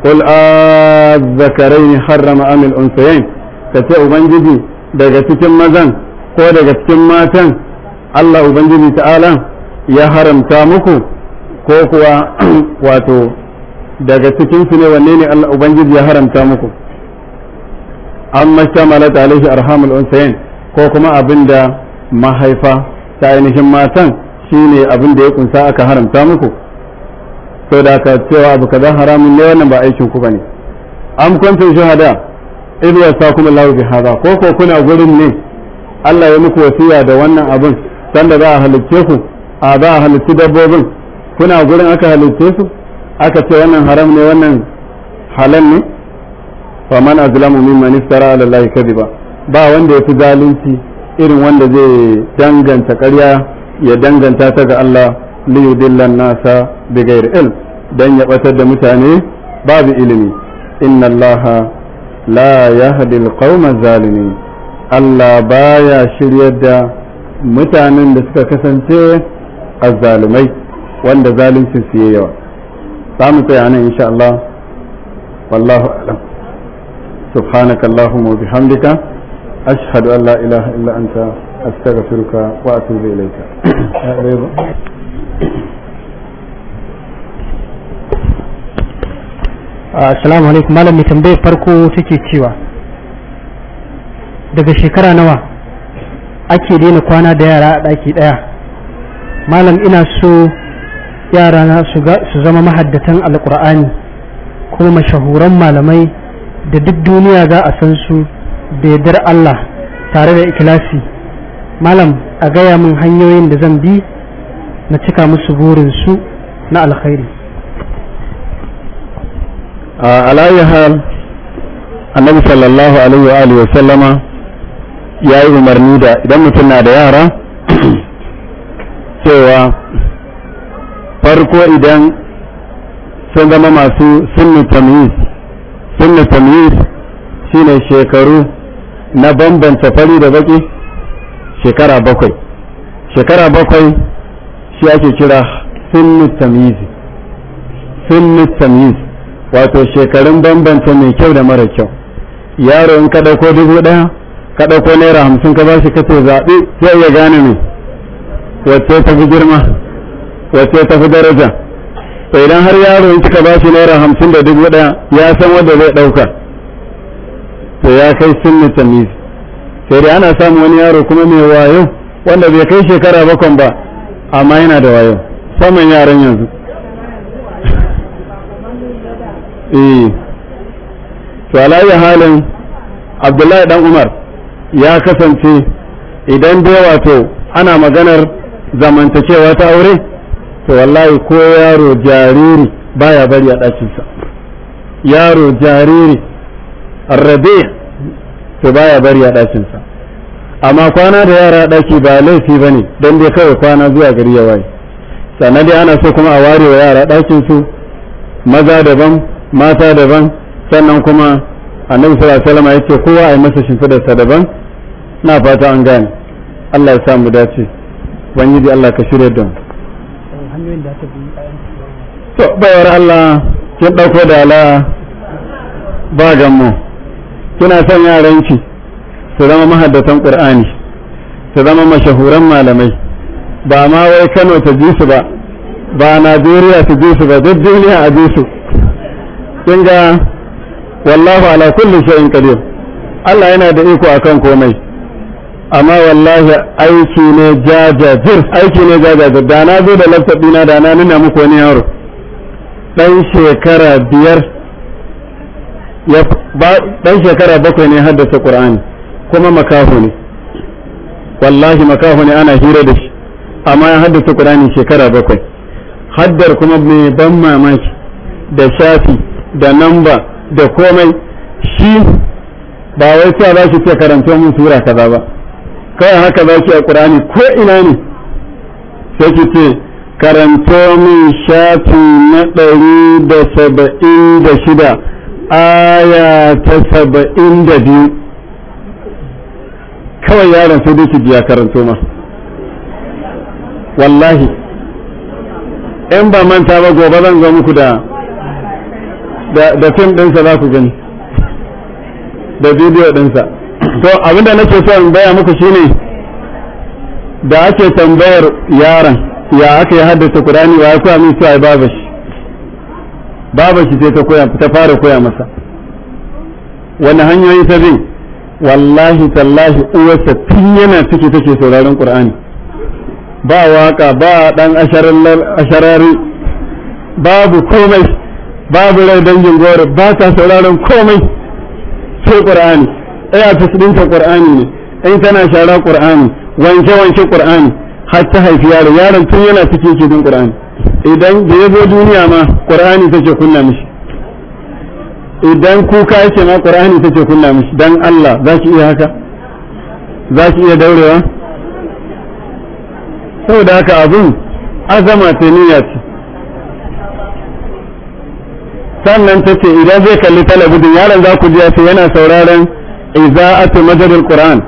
qul azzakaraini harrama am al-unsayain kace ubangiji daga cikin mazan ko daga cikin matan Allah ubangiji ta'ala ya haramta muku ko kuwa wato daga cikin su ne wanne ne Allah ubangiji ya haramta muku amma shamalat alaihi arhamul unsayain ko kuma abin da mahaifa ta ainihin matan shine abin da ya kunsa aka haramta muku sau da aka cewa abu kaza haramun ne wannan ba aikin ku bane am kuntum shuhada idh yasakum Allahu bi hada ko ko kuna gurin ne Allah ya muku wasiya da wannan abin sanda za a halicce ku a za a halicci dabbobin kuna gurin aka halicce su aka ce wannan haram ne wannan halal ne man azlamu mimman iftara ala Allahi kadhiba ba wanda ya fi zalunci irin wanda zai danganta karya ya danganta ta ga Allah liyudillan nasa bighair ilm dan ya batar da mutane babu ilimi inna Allah la yahdi alqawma zalimin Allah baya shiryar da mutanen da suka kasance azzalumai wanda zalunci su yawa za mu tsaya nan insha Allah wallahu a'lam subhanakallahumma wa bihamdika أشهد أن لا إله إلا أنت أستغفرك وأتوب إليك Assalamu alaikum malam mai tambayar farko take cewa daga shekara nawa ake daina kwana da yara a ɗaki ɗaya malam ina so yara su zama mahaddatan alƙur'ani kuma mashahuran malamai da duk duniya za a san su da yadda Allah tare da ikilasi malam a gaya min hanyoyin da zan bi na cika musu burinsu na alkhairi a alayi hal annabi sallallahu alaihi wa sallama ya yi umarni da idan mutum na da yara cewa farko idan sun zama masu sunni tamyiz sunni tamyiz shine shekaru na bambanta fari da baki shekara bakwai shekara bakwai shi ake kira sinni tamizi sinni tamiz wato shekarun bambanta mai kyau da mara kyau yaro in ka dauko dubu ɗaya ka dauko naira hamsin ka bashi kace zaɓi sai ya gane mai wacce ta fi girma wacce ta fi daraja to idan har yaro in kika bashi naira hamsin da dubu ɗaya ya san wanda zai ɗauka to ya kai sunni tamiz sai dai ana samun wani yaro kuma mai wayo wanda bai kai shekara bakon ba amma yana da wayo saman yaran yanzu eh to alayi halin abdullahi dan umar ya kasance idan dai wato ana maganar zamantakewa ta aure to wallahi ko yaro jariri baya bari a ɗakinsa yaro jariri rabe to baya bari a ɗakinsa amma kwana da yara ɗaki ba laifi ba ne don dai kawai kwana zuwa gari ya waye sannan dai ana so kuma a ware wa yara ɗakinsu maza daban mata daban sannan kuma annabi sallallahu alaihi wasallam ya ce kowa a yi masa shimfidarsa daban na fata an gane Allah ya samu dace wani da Allah ka shirya don to bayar Allah kin dauko da ala ba mu kina son yaranki su zama mahaddatan qur'ani su zama mashahuran malamai ba ma wai Kano ta ji su ba ba Najeriya ta ji su ba duk duniya a ji su kin ga wallahu ala kulli shay'in qadir Allah yana da iko akan komai amma wallahi aiki ne jajajir aiki ne jajajir da na zo da laptop dina da na nuna muku wani yaro dan shekara biyar dan shekara bakwai ne haddasa qur'ani kuma makaho ne wallahi makaho ne ana hira da shi amma ya haddasa qur'ani shekara bakwai haddar kuma mai ban mamaki da shafi da namba da komai shi ba wai sai ba shi ce karanto mun sura kaza ba kai haka ba shi a qur'ani ko ina ne sai ki ce karanto min shafi na ɗari da saba'in da shida aya ta saba'in da biyu kawai yaron sai dai biya karanto ma wallahi ‘yan ba manta ba gobe zan zo muku da da fim ɗinsa za ku gani da bidiyo ɗinsa to abinda nake so in baya muku shine da ake tambayar yaron ya aka yi haddasa kurani wa ya kuwa min su a babashi babar shi sai ta koya ta fara koya masa wani hanyoyi ta bi wallahi tallahi uwarsa tun yana ciki take sauraron qur'ani ba waka ba dan asharari babu komai babu rai dangin gore ba ta sauraron komai sai qur'ani ai a ta qur'ani ne ai tana shara qur'ani wanke wanke qur'ani har ta haifi yaron yaron tun yana cikin cikin qur'ani idan da ya zo duniya ma qur'ani take kunna mishi idan kuka yake ma qur'ani take kunna mishi dan Allah za ki iya haka za ki iya daurewa saboda haka abin azama ta niyya ce sannan ta ce idan zai kalli talabijin yaron za ku ji yana sauraron iza'atu majalul qur'an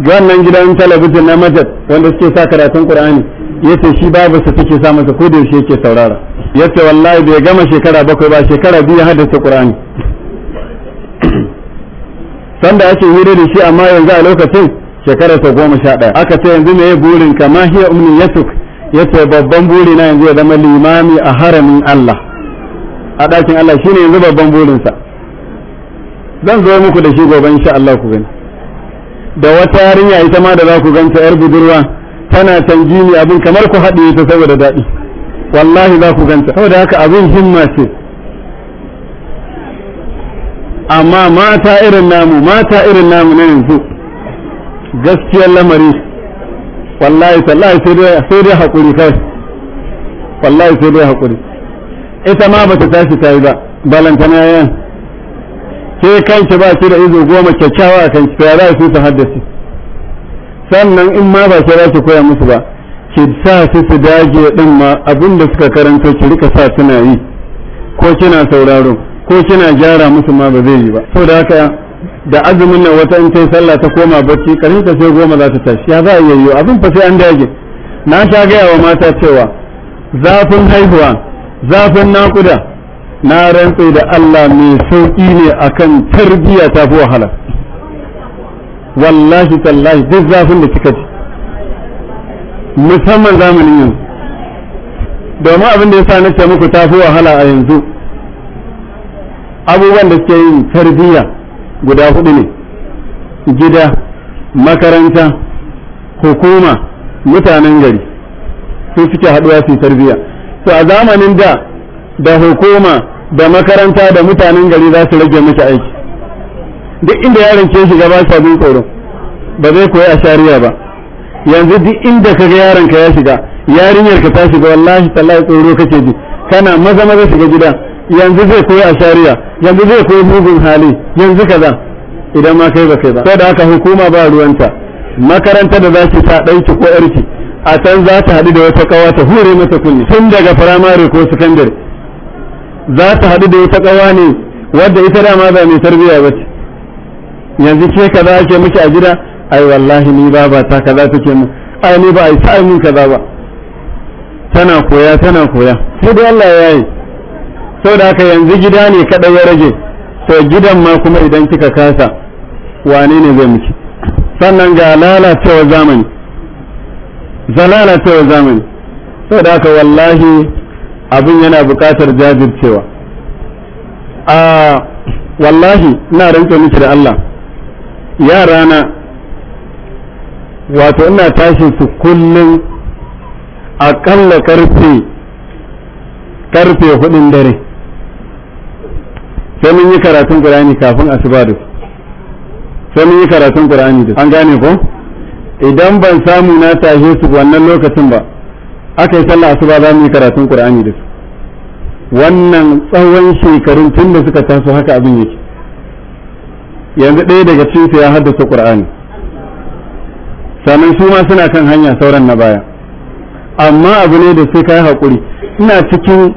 wannan gidan talabijin na majad wanda suke sa karatun qur'ani yace shi babu su take sa masa ko da yaushe yake saurara yace wallahi bai gama shekara bakwai ba shekara biyu haddace qur'ani sanda ake hira da shi amma yanzu a lokacin shekara ta goma sha ɗaya aka ce yanzu me burin ka ma hiya ya yace babban buri na yanzu ya zama limami a haramin Allah a ɗakin Allah shine yanzu babban burinsa zan zo muku da shi gobe insha Allah ku gani da wata yarinya ita ma da za ku ganta yar budurwa tana canji ne abin kamar ku haɗe ta saboda daɗi wallahi za ku ganta saboda haka abin himma ce amma mata irin namu mata irin namu na yanzu gaskiyar lamari wallahi sallahi sai dai haƙuri kai wallahi sai dai haƙuri ita ma bata tashi ta yi ba balantana yayan sai kanki ba shi da izo goma kyakkyawa a kanki to za su su haddasa sannan in ma ba ki za koya musu ba ki sa su su dage din ma abin da suka karanta ki rika sa suna yi ko kina sauraro ko kina gyara musu ma ba zai yi ba saboda haka da azumin nan wata in yi sallah ta koma barci karin ta sai goma za ta tashi ya za a yayyo abin fa sai an dage na sha gaya wa mata cewa zafin haihuwa zafin naƙuda na rantse da Allah mai sauki ne akan tarbiyya ta fi wahala wallahi tallahi duk zafin da kika ji musamman zamanin yanzu domin abin da ya sa nace muku ta fi wahala a yanzu abubuwan da suke yin tarbiyya guda hudu ne gida makaranta hukuma mutanen gari su suke haɗuwa su tarbiyya to a zamanin da da hukuma da makaranta da mutanen gari za su rage miki aiki duk inda yaron ke shiga ba sa bin tsoro ba zai koyi a shari'a ba yanzu duk inda ka ga yaron ka ya shiga yarinyar ka ta shiga wallahi tallahi tsoro kake ji kana maza maza shiga gida yanzu zai koyi a shari'a yanzu zai koyi mugun hali yanzu kaza idan ma kai ba kai ba da haka hukuma ba ruwanta makaranta da za ki ta ɗauki ko ƴarki a can za ta haɗu da wata kawa ta hure mata kunni tun daga firamare ko sakandare za ta haɗu da wata ƙawa ne wadda ita dama ba mai tarbiyya ba ce yanzu ke kaza ke miki a gida ai wallahi ni ba ba ta kaza take mu ai ni ba ai sa min kaza ba tana koya tana koya sai dai Allah ya yi saboda haka yanzu gida ne kaɗai ya rage to gidan ma kuma idan kika kasa wane ne zai miki sannan ga lalacewar zamani za lalacewar zamani saboda haka wallahi abin yana buƙatar jajircewa a wallahi ina rantsa miki da Allah yarana wato ina tashi su kullum aƙalla karfe karfe hudun dare sai mun yi karatun Qur'ani kafin asuba da sai mun yi karatun Qur'ani da an gane ko idan ban samu na tashi su wannan lokacin ba aka yi sallah asuba za mu yi karatun qur'ani da su wannan tsawon shekarun tun da suka taso haka abin yake yanzu ɗaya daga cikin ya haddasa qur'ani sannan su ma suna kan hanya sauran na baya amma abu ne da sai kai hakuri ina cikin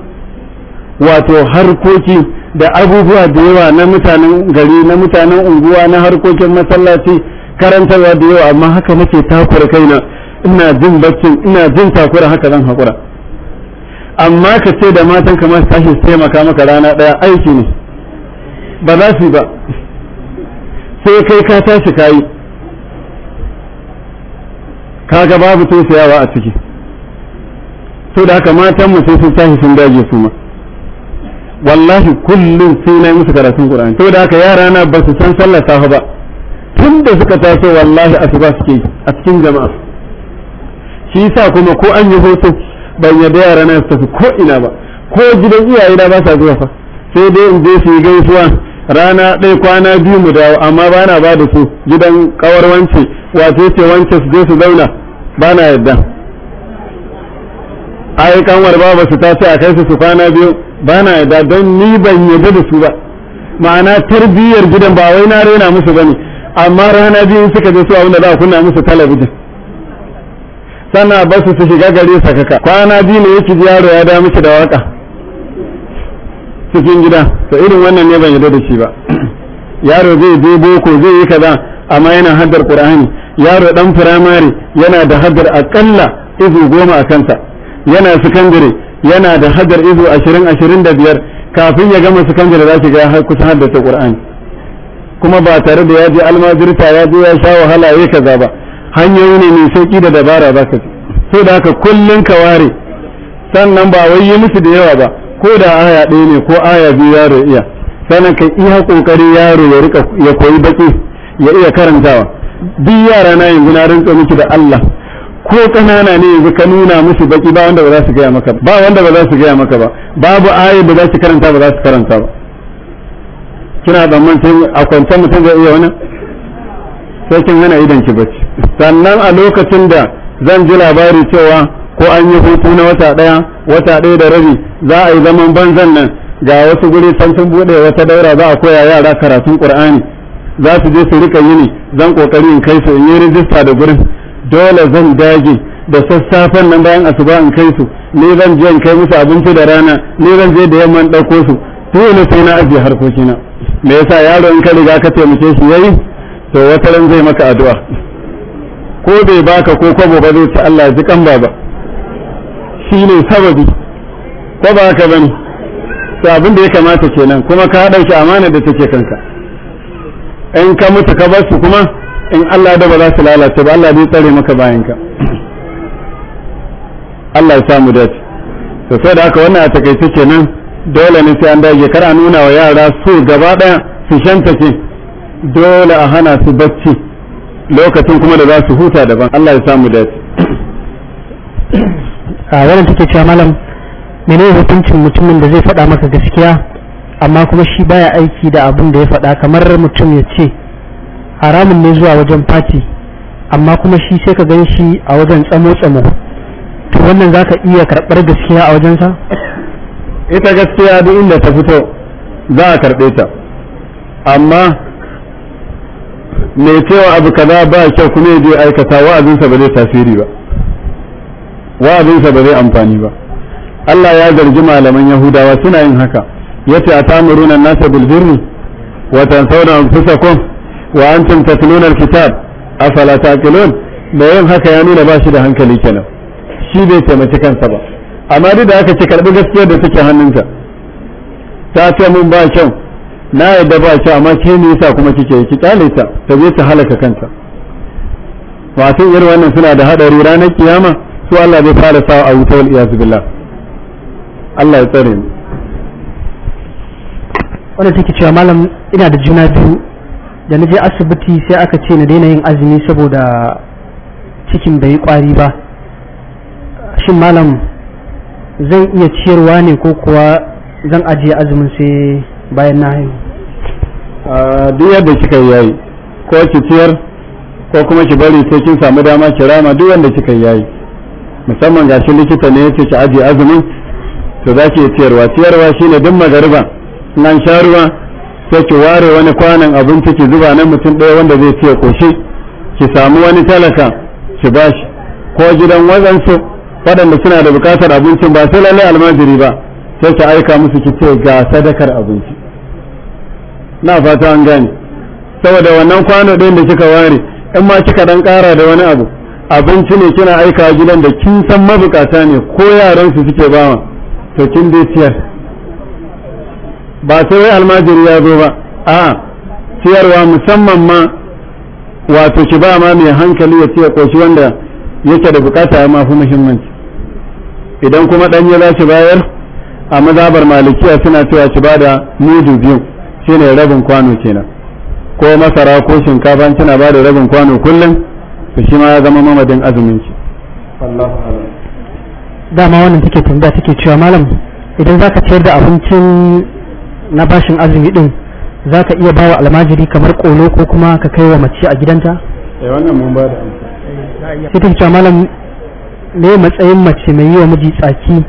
wato harkoki da abubuwa da yawa na mutanen gari na mutanen unguwa na harkokin masallaci karantarwa da yawa amma haka nake takura kaina ina jin baccin ina jin takura haka zan hakura amma ka ce da matan kamar su tashi su taimaka maka rana daya aiki ne ba za su ba sai kai ka tashi ka kaga babu tausayawa a ciki to da haka matan mu sai sun tashi sun dage su ma wallahi kullum sai na yi musu karatun Qur'ani to da haka yara na ba su san sallar safa ba tun da suka taso wallahi ba suke a cikin jama'a shi yasa kuma ko an yi hoto ban yarda yara na su tafi ko ina ba ko gidan iyaye da ba sa zuwa fa sai dai in je su yi gaisuwa rana ɗaya kwana biyu mu dawo amma ba na ba da su gidan kawar wance wace ce wance su je su zauna ba na yarda ai kanwar ba su ta ce a kai su su kwana biyu ba na yarda don ni ban yarda da su ba ma'ana tarbiyyar gidan ba wai na raina musu bane amma rana biyu suka je su abin da za a kunna musu talabijin tana basu su shiga gare sa kaka kwana biyu ne yake yaro ya da miki da waka cikin gida to irin wannan ne ban yarda da shi ba yaro zai je boko zai yi kaza amma yana haddar qur'ani yaro dan firamare yana da haddar akalla izu goma a kansa yana sakandare yana da haddar izu ashirin ashirin da biyar kafin ya gama sakandare za ki ga kusan haddar qur'ani kuma ba tare da ya je almajirta ya je ya sha wahala yayi kaza ba hanyoyi ne mai sauki da dabara za ka so da haka kullum ka ware sannan ba wai yi musu da yawa ba ko da aya ɗaya ne ko aya biyu yaro iya sannan ka iya kokari yaro ya rika ya koyi baki ya iya karantawa duk yara na yanzu na rinka miki da Allah ko kanana ne yanzu ka nuna musu baki ba wanda ba za su gaya maka ba wanda ba za su gaya maka ba babu aya da za su karanta ba za su karanta ba kina da tsammanin a kwance mutum zai iya wani sai kin hana idan ki bacci sannan a lokacin da zan ji labari cewa ko an yi hutu na wata ɗaya wata ɗaya da rabi za a yi zaman banzan nan ga wasu guri can sun buɗe wata daura za a koya yara karatun qur'ani za su je su rika yini zan kokari in kai su in yi rijista da gurin dole zan dage da sassafen nan bayan asuba in kai su ni zan je in kai musu abinci da rana ni zan je da yamma in ɗauko su dole sai na ajiye harkokina me yasa yaro in ka riga ka taimake shi yayi to wata ran zai maka addu'a ko bai baka ko kwabo ba zai ci Allah ji kan baba shi ne sababi ko ba ka bane to abin da ya kamata kenan kuma ka shi amana da take kanka in ka mutu ka bar su kuma in Allah da ba za su lalace ba Allah zai tsare maka bayanka Allah ya samu dace to sai da haka wannan a takaice kenan dole ne sai an dage kar a nuna wa yara su gaba daya su shanta ke dole a hana su bacci lokacin kuma da za su huta daban Allah ya samu da a wannan take cewa malam menene hukuncin mutumin da zai faɗa maka gaskiya amma kuma shi baya aiki da abin da ya faɗa kamar mutum ya ce haramun ne zuwa wajen fati amma kuma shi sai ka gan shi a wajen tsamo-tsamo to wannan za ka iya karɓar gaskiya a wajensa? ita gaskiya duk inda ta fito za a karɓe ta amma mai cewa abu kaza ba kyau kuma ya je aikata wa'azinsa ba zai tasiri ba wa'azinsa ba zai amfani ba Allah ya zargi malaman Yahudawa suna yin haka yace atamuruna nasa bil birri wa tansawna anfusakum wa antum tatluna al kitab afala taqilun da yin haka ya nuna ba shi da hankali kenan shi bai taimaki kansa ba amma duk da aka ce karbi gaskiyar da take hannunka ta ce mun ba kyau na yadda ba shi amma ke ne yasa kuma kike ki kyale ta ta zai ta halaka kanta wasan irin wannan suna da hadari ranar kiyama su Allah zai fara sa a wuta wal iyaz billah Allah ya tsare ni. wanda take cewa malam ina da juna biyu da na je asibiti sai aka ce na daina yin azumi saboda cikin bai kwari ba shin malam zan iya ciyarwa ne ko kuwa zan ajiye azumin sai bayan na haihu duk yadda kika yayi ko ki ciyar ko kuma ki bari sai kin samu dama ki rama duk wanda kika yayi musamman ga shi likita ne yace ki aje azumin to za yi ciyarwa ciyarwa shine duk magariba nan sha ruwa sai ki ware wani kwanan abinci ki zuba nan mutum ɗaya wanda zai ciye koshi ki samu wani talaka ki bashi ko gidan wazansu waɗanda suna da buƙatar abincin ba sai lallai almajiri ba sai ki aika musu ki ce ga sadakar abinci na fata an gane saboda wannan kwano ɗin da kika ware in ma kika dan ƙara da wani abu abinci ne kina aika gidan da kin san mabukata ne ko yaran su suke bawa to kin dai ciyar ba sai wai almajiri ya zo ba a ciyarwa musamman ma wato ki ba ma mai hankali ya ciya koshi wanda yake da bukata ya mafi muhimmanci idan kuma ɗanye za ki bayar a mazabar malikiya suna cewa ki ba da mudu biyu shine rabin kwano kenan ko masara ko shinkafa kina ba da rabin kwano kullum to shi ma ya zama mamadin azumin ki dama wannan take tambaya take cewa malam idan zaka ciyar da abincin na bashin azumi din zaka iya bawa almajiri kamar kolo ko kuma ka kai wa mace a gidanta eh wannan mun ba da amsa sai take cewa malam ne matsayin mace mai yi wa miji tsaki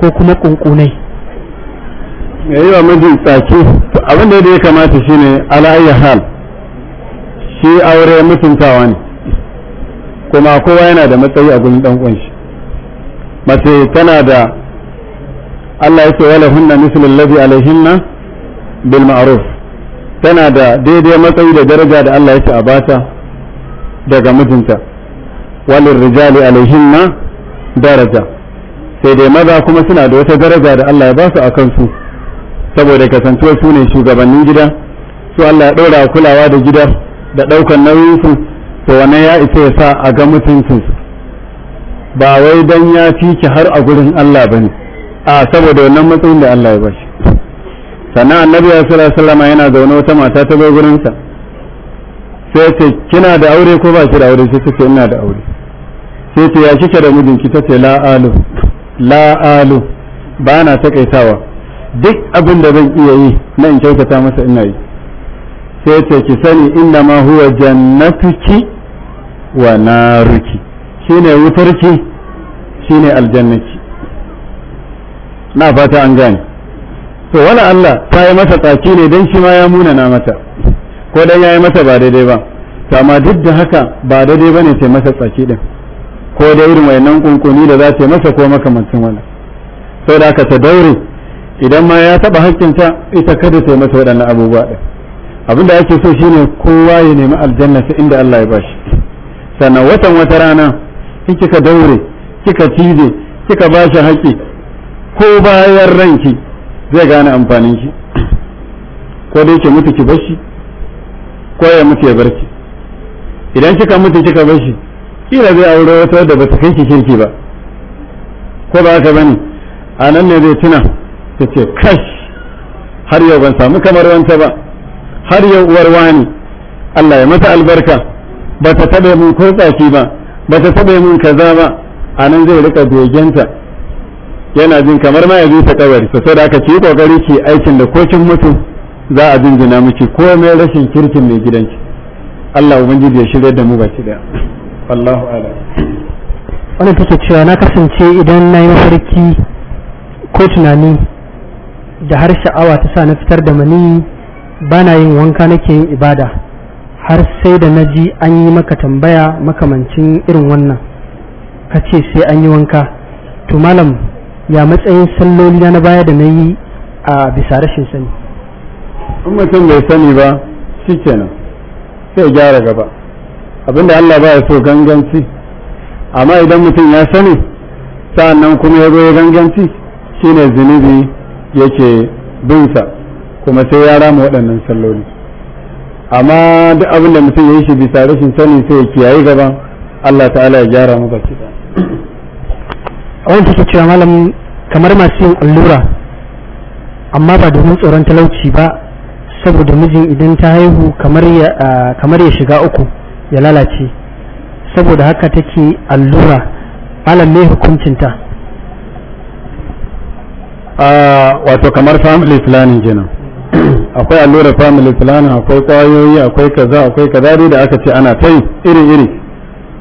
ko kuma kunkunai me yi wa mijin tsaki abin da ya kamata shi ne ayyi hal shi aure mutuntawa ne kuma kowa yana da matsayi a gurin ɗan uwan shi mace tana da Allah yake wala hunna mislu alladhi alaihinna bil ma'ruf tana da daidai matsayi da daraja da Allah yake a bata daga mijinta walin rijali alaihinna daraja sai dai maza kuma suna da wata daraja da Allah ya ba su a kansu saboda kasantuwa su ne shugabannin gida, su Allah ya ɗora kulawa da gida da ɗaukar nauyinsu to wannan ya isa ya sa a ga mutuncin su ba wai dan ya fi ki har a gurin Allah bane a saboda wannan matsayin da Allah ya shi sannan annabi sallallahu alaihi wasallam yana zaune wata mata ta zo gurin sa sai ce kina da aure ko ba ki da aure sai ta ce ina da aure sai ce ya kike da mijinki ta ce la alu la alu ba na takaitawa duk abin da zan iya yi na in kyautata masa ina yi sai ce ki sani inda ma huwa jannatuki wa naruki shine wutarki shine aljannaki na fata an gane to wala Allah ta yi mata tsaki ne don shi ma ya munana mata ko dan yi mata ba daidai ba to amma duk da haka ba daidai ba ne sai masa tsaki din ko da irin wayannan kunkuni da za ta masa ko makamancin wannan da aka ta daure idan ma ya taba hakkinta ita kada ta masa waɗannan abubuwa ɗin abin da ake so shine kowa ya nemi aljanna ta inda Allah ya bashi sannan watan wata rana in kika daure kika cize kika bashi haƙƙi ko bayan ranki zai gane amfanin ki ko dai ki mutu ki bashi ko ya mutu ya bar idan kika mutu kika bashi kila zai aure wata da ta kai ki kirki ba ko ba haka bane a nan ne zai tuna ta ce kash har yau ban samu kamar wanta ba har yau uwar wani Allah ya mata albarka ba ta taɓa mun kurɗashi ba ba ta taɓa mun kaza ba a nan zai rika dogenta yana jin kamar ma ya ta kawari so da aka ci kokari ki aikin da kocin mutu za a jingina miki mai rashin kirkin mai gidanki Allah ubangiji ya shirya da mu baki daya wallahu ala wani take cewa na kasance idan na yi mafarki ko tunani da har sha'awa ta sa na fitar da mani ba na yin wanka nake yin ibada har sai da na ji an yi maka tambaya makamancin irin wannan ka ce sai an yi wanka to malam ya matsayin salloli na baya da na yi a bisa rashin sani in mutum bai sani ba shikenan sai gyara gaba abinda Allah ba ya so ganganci amma idan mutum ya sani sa'annan kuma ya zo ya ganganci shine zunubi yake binsa kuma sai ya rama waɗannan salloli amma duk abin da mutum ya yi shi bisa rashin sani sai ya kiyaye gaban Allah ta'ala ya gyara mu baki a wani take cewa malam kamar masu yin allura amma ba domin tsoron talauci ba saboda mijin idan ta haihu kamar ya shiga uku ya lalace saboda haka take allura malam ne hukuncinta wato kamar family planning kenan akwai allurar family planning akwai kwayoyi akwai kaza akwai kaza dai da aka ce ana ta iri iri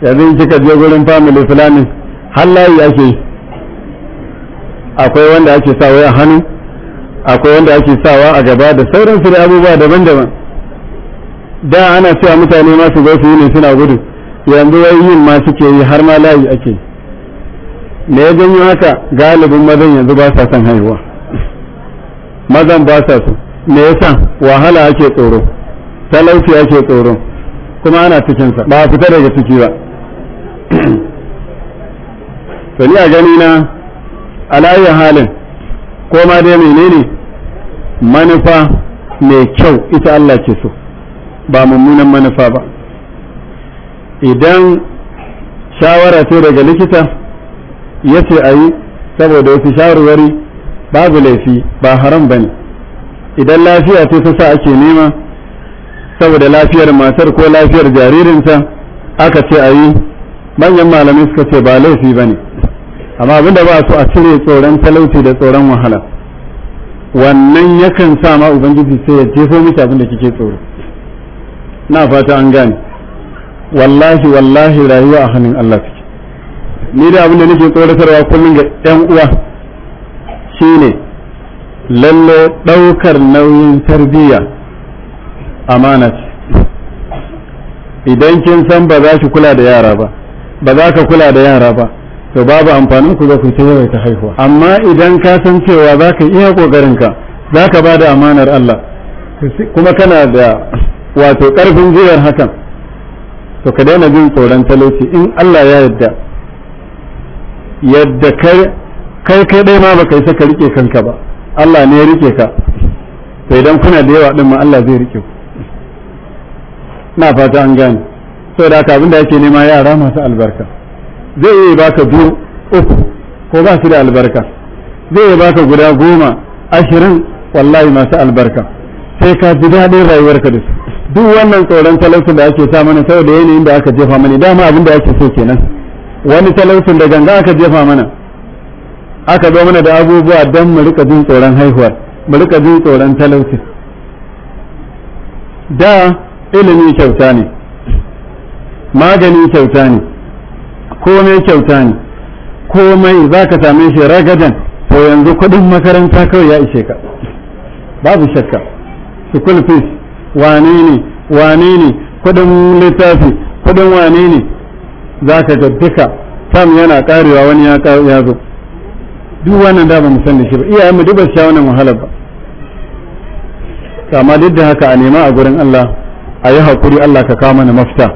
yanzu kika je gurin family planning har layi ake akwai wanda ake sawa a hannu akwai wanda ake sawa a gaba da sauran su da abubuwa daban-daban da ana cewa mutane masu zo su yi ne suna gudu yanzu wai yin ma suke yi har ma layi ake yi me ya janyo haka galibin mazan yanzu ba sa son haihuwa mazan ba sa so me san wahala ake tsoro talauci ake tsoro kuma ana cikinsa ba a fita daga ciki ba to ni a gani na alayi halin ko ma dai menene manufa mai kyau ita Allah ke so ba mummunan manufa ba idan shawara ce daga likita ya ce a yi saboda wasu shawarwari babu laifi ba haram bane idan lafiya ce ta sa ake nema saboda lafiyar matar ko lafiyar jaririnta aka ce a yi manyan malamai suka ce ba laifi ba ne amma abinda ba su a cire tsoron talauci da tsoron wahala wannan yakan sa ma ubangiji sai ya jefo miki abin da kike tsoro na fata an gane wallahi wallahi rayuwa a hannun Allah take ni da abin da nake tsoratarwa kullum ga ɗan uwa shine lalle ɗaukar nauyin tarbiyya amana ce idan kin san ba za ki kula da yara ba ba za ka kula da yara ba to babu amfanin ku za ku ta yawaita haihuwa amma idan ka san cewa za ka iya ƙoƙarinka za ka ba da amanar Allah kuma kana da wato ƙarfin jiyar hakan to ka daina jin tsoron talauci in Allah ya yarda yadda kai kai dai ma baka isa ka rike kanka ba Allah ne ya rike ka to idan kuna da yawa din ma Allah zai rike ku na fata an gane saboda haka abinda yake nema yara masu albarka zai iya baka biyu uku ko ba su da albarka zai iya baka guda goma ashirin wallahi masu albarka sai ka ji daɗin rayuwarka da su duk wannan tsoron talaucin da ake sa mana saboda yanayin da aka jefa mani dama abin da ake so kenan wani talaucin da ganga aka jefa mana aka zo mana da abubuwa don mu rika jin tsoron haihuwar mu rika jin tsoron talaucin da ilimi kyauta ne magani kyauta ne komai kyauta ne komai za ka same shi ragadan to yanzu kudin makaranta kawai ya ishe ka babu shakka school fees wane ne wane ne kudin littafi kudin wane ne za ka ga duka tam yana karewa wani ya zo duk wannan da ba mu san da shi ba iyayen mu duk ba sha wannan wahalar ba amma duk da haka a nema a gurin Allah a yi hakuri Allah ka kawo mana mafita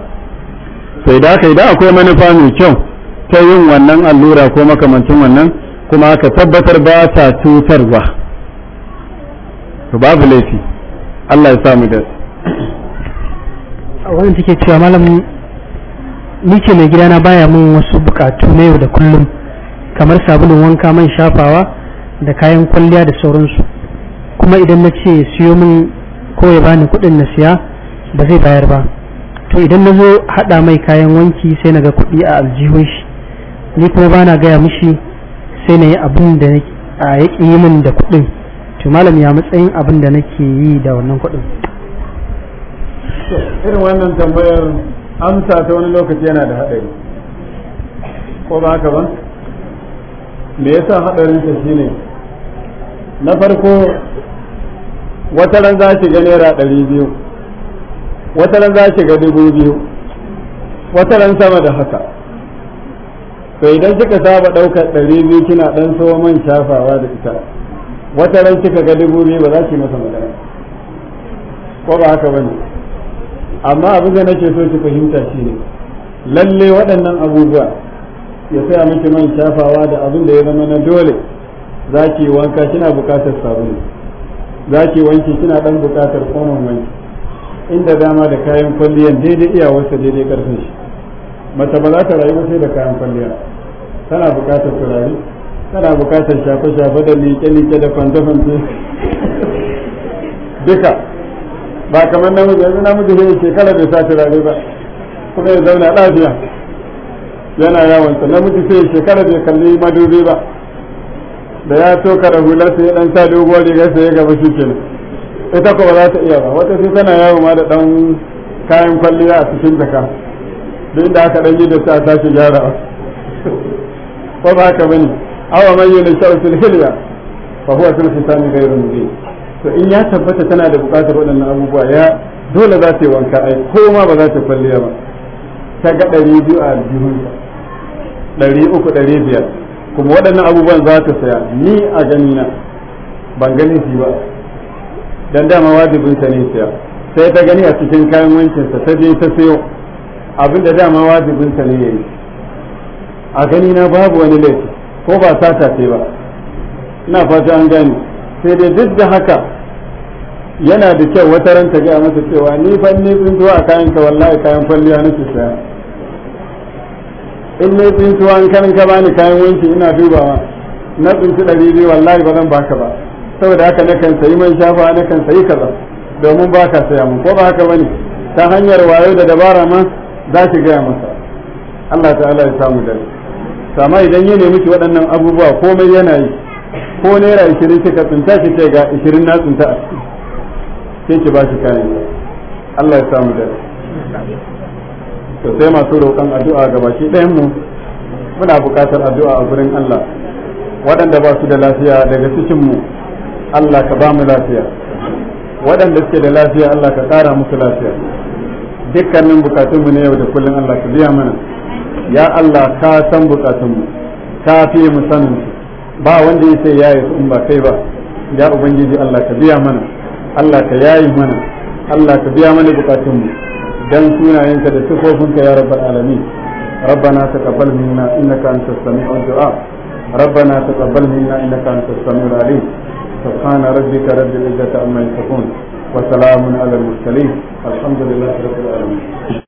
sai da haka idan akwai manufa mai kyau ta yin wannan allura ko makamancin wannan kuma ka tabbatar ba ta cutarwa to babu laifi Allah ya mu da wannan take cewa malam ni ce mai gidana baya mun wasu bukatu na yau da kullum kamar sabulun wanka man shafawa da kayan kwalliya da sauransu kuma idan na ce siyo min ko ya bani kuɗin na siya ba zai bayar ba to idan na zo haɗa mai kayan wanki sai na ga kuɗi a aljihun shi ni kuma bana gaya mishi sai na yi abin da a ya yi min da kudin to malam ya matsayin abin da nake yi da wannan kuɗin irin wannan tambayar amsa ta wani lokaci yana da haɗari ko ba haka ba me yasa haɗarin ta shine na farko wata ran za ki ga naira ɗari biyu wata ran za ki ga dubu biyu wata ran sama da haka to idan kika saba ɗaukar ɗari biyu kina ɗan so man shafawa da ita wata ran kika ga dubu biyu ba za ki masa magana ko ba haka ba ne amma abin da nake so ki fahimta shi ne lalle waɗannan abubuwa ya saya miki man shafawa da abin da ya zama na dole za ki wanka kina buƙatar sabulu za ki wanki kina ɗan buƙatar komon wanki inda dama da kayan kwalliyan daidai iyawarsa daidai ƙarfin shi mace ba za ta rayu sai da kayan kwalliya tana buƙatar turare tana buƙatar shafe-shafe da liƙe-liƙe da fantafanti duka ba kamar namiji yanzu namiji ne shekara bai sace turare ba kuma ya zauna lafiya yana yawansa namiji sai shekara bai kalli madubi ba da ya toka da hularsa ya dan sa doguwar rigarsa ya gaba shi kenan ita kuma za ta iya ba wata sai tana yawo ma da dan kayan kwalliya a cikin jaka duk da aka dan yi da ta tashi gyara ko ba ka bane awa mai yunsha'u shawarar hilya fa huwa fil khitami ghayrun mubin to in ya tabbata tana da buƙatar waɗannan abubuwa ya dole za ta yi wanka ai ko ma ba za ta kwalliya ba ta ga ɗari biyu a aljihunta ɗari uku ɗari biyar kuma waɗannan abubuwan za ta saya ni a gani na ban ganin shi ba dan dama wajibinta ne saya sai ta gani a cikin kayan sa ta je ta sayo abin da dama wajibinta ne ya yi a na babu wani laifi ko ba sata ce ba ina fata an gani sai dai duk da haka yana da kyau wata ranta ta gaya masa cewa ni fanni ni tsintuwa a kayan ka wallahi kayan kwalliya nake saya in ni tsintuwa an kan ka bani kayan wanki ina dubawa na tsinci ɗari biyu wallahi ba zan baka ba saboda haka na kan sayi man shafa na kan sayi kaza domin ba ka saya min ko ba haka bane ta hanyar wayo da dabara ma za ki gaya masa Allah ta'ala ya samu dare amma idan ya nemi waɗannan abubuwa komai yana yi ko naira ishirin sai ka tsinta shi ce ga ishirin na tsinta a sai ki ba shi kayan Allah ya samu da to sai masu roƙon addu'a ga baki ɗayan mu muna buƙatar addu'a a gurin Allah waɗanda ba su da lafiya daga cikin mu Allah ka ba mu lafiya waɗanda suke da lafiya Allah ka ƙara musu lafiya dukkanin bukatunmu ne yau da kullum Allah ka biya mana ya Allah ka san bukatunmu ka fi mu sanin ba wanda ya sai yayi in ba kai ba ya ubangiji Allah ka biya mana Allah ka yayi mana Allah ka biya mana bukatunmu dan sunayenka da sifofinka ya rabbal alamin ربنا تقبل منا انك انت السميع الدعاء ربنا تقبل منا انك انت السميع العليم سبحان ربك رب العزه عما يصفون وسلام على المرسلين الحمد لله رب العالمين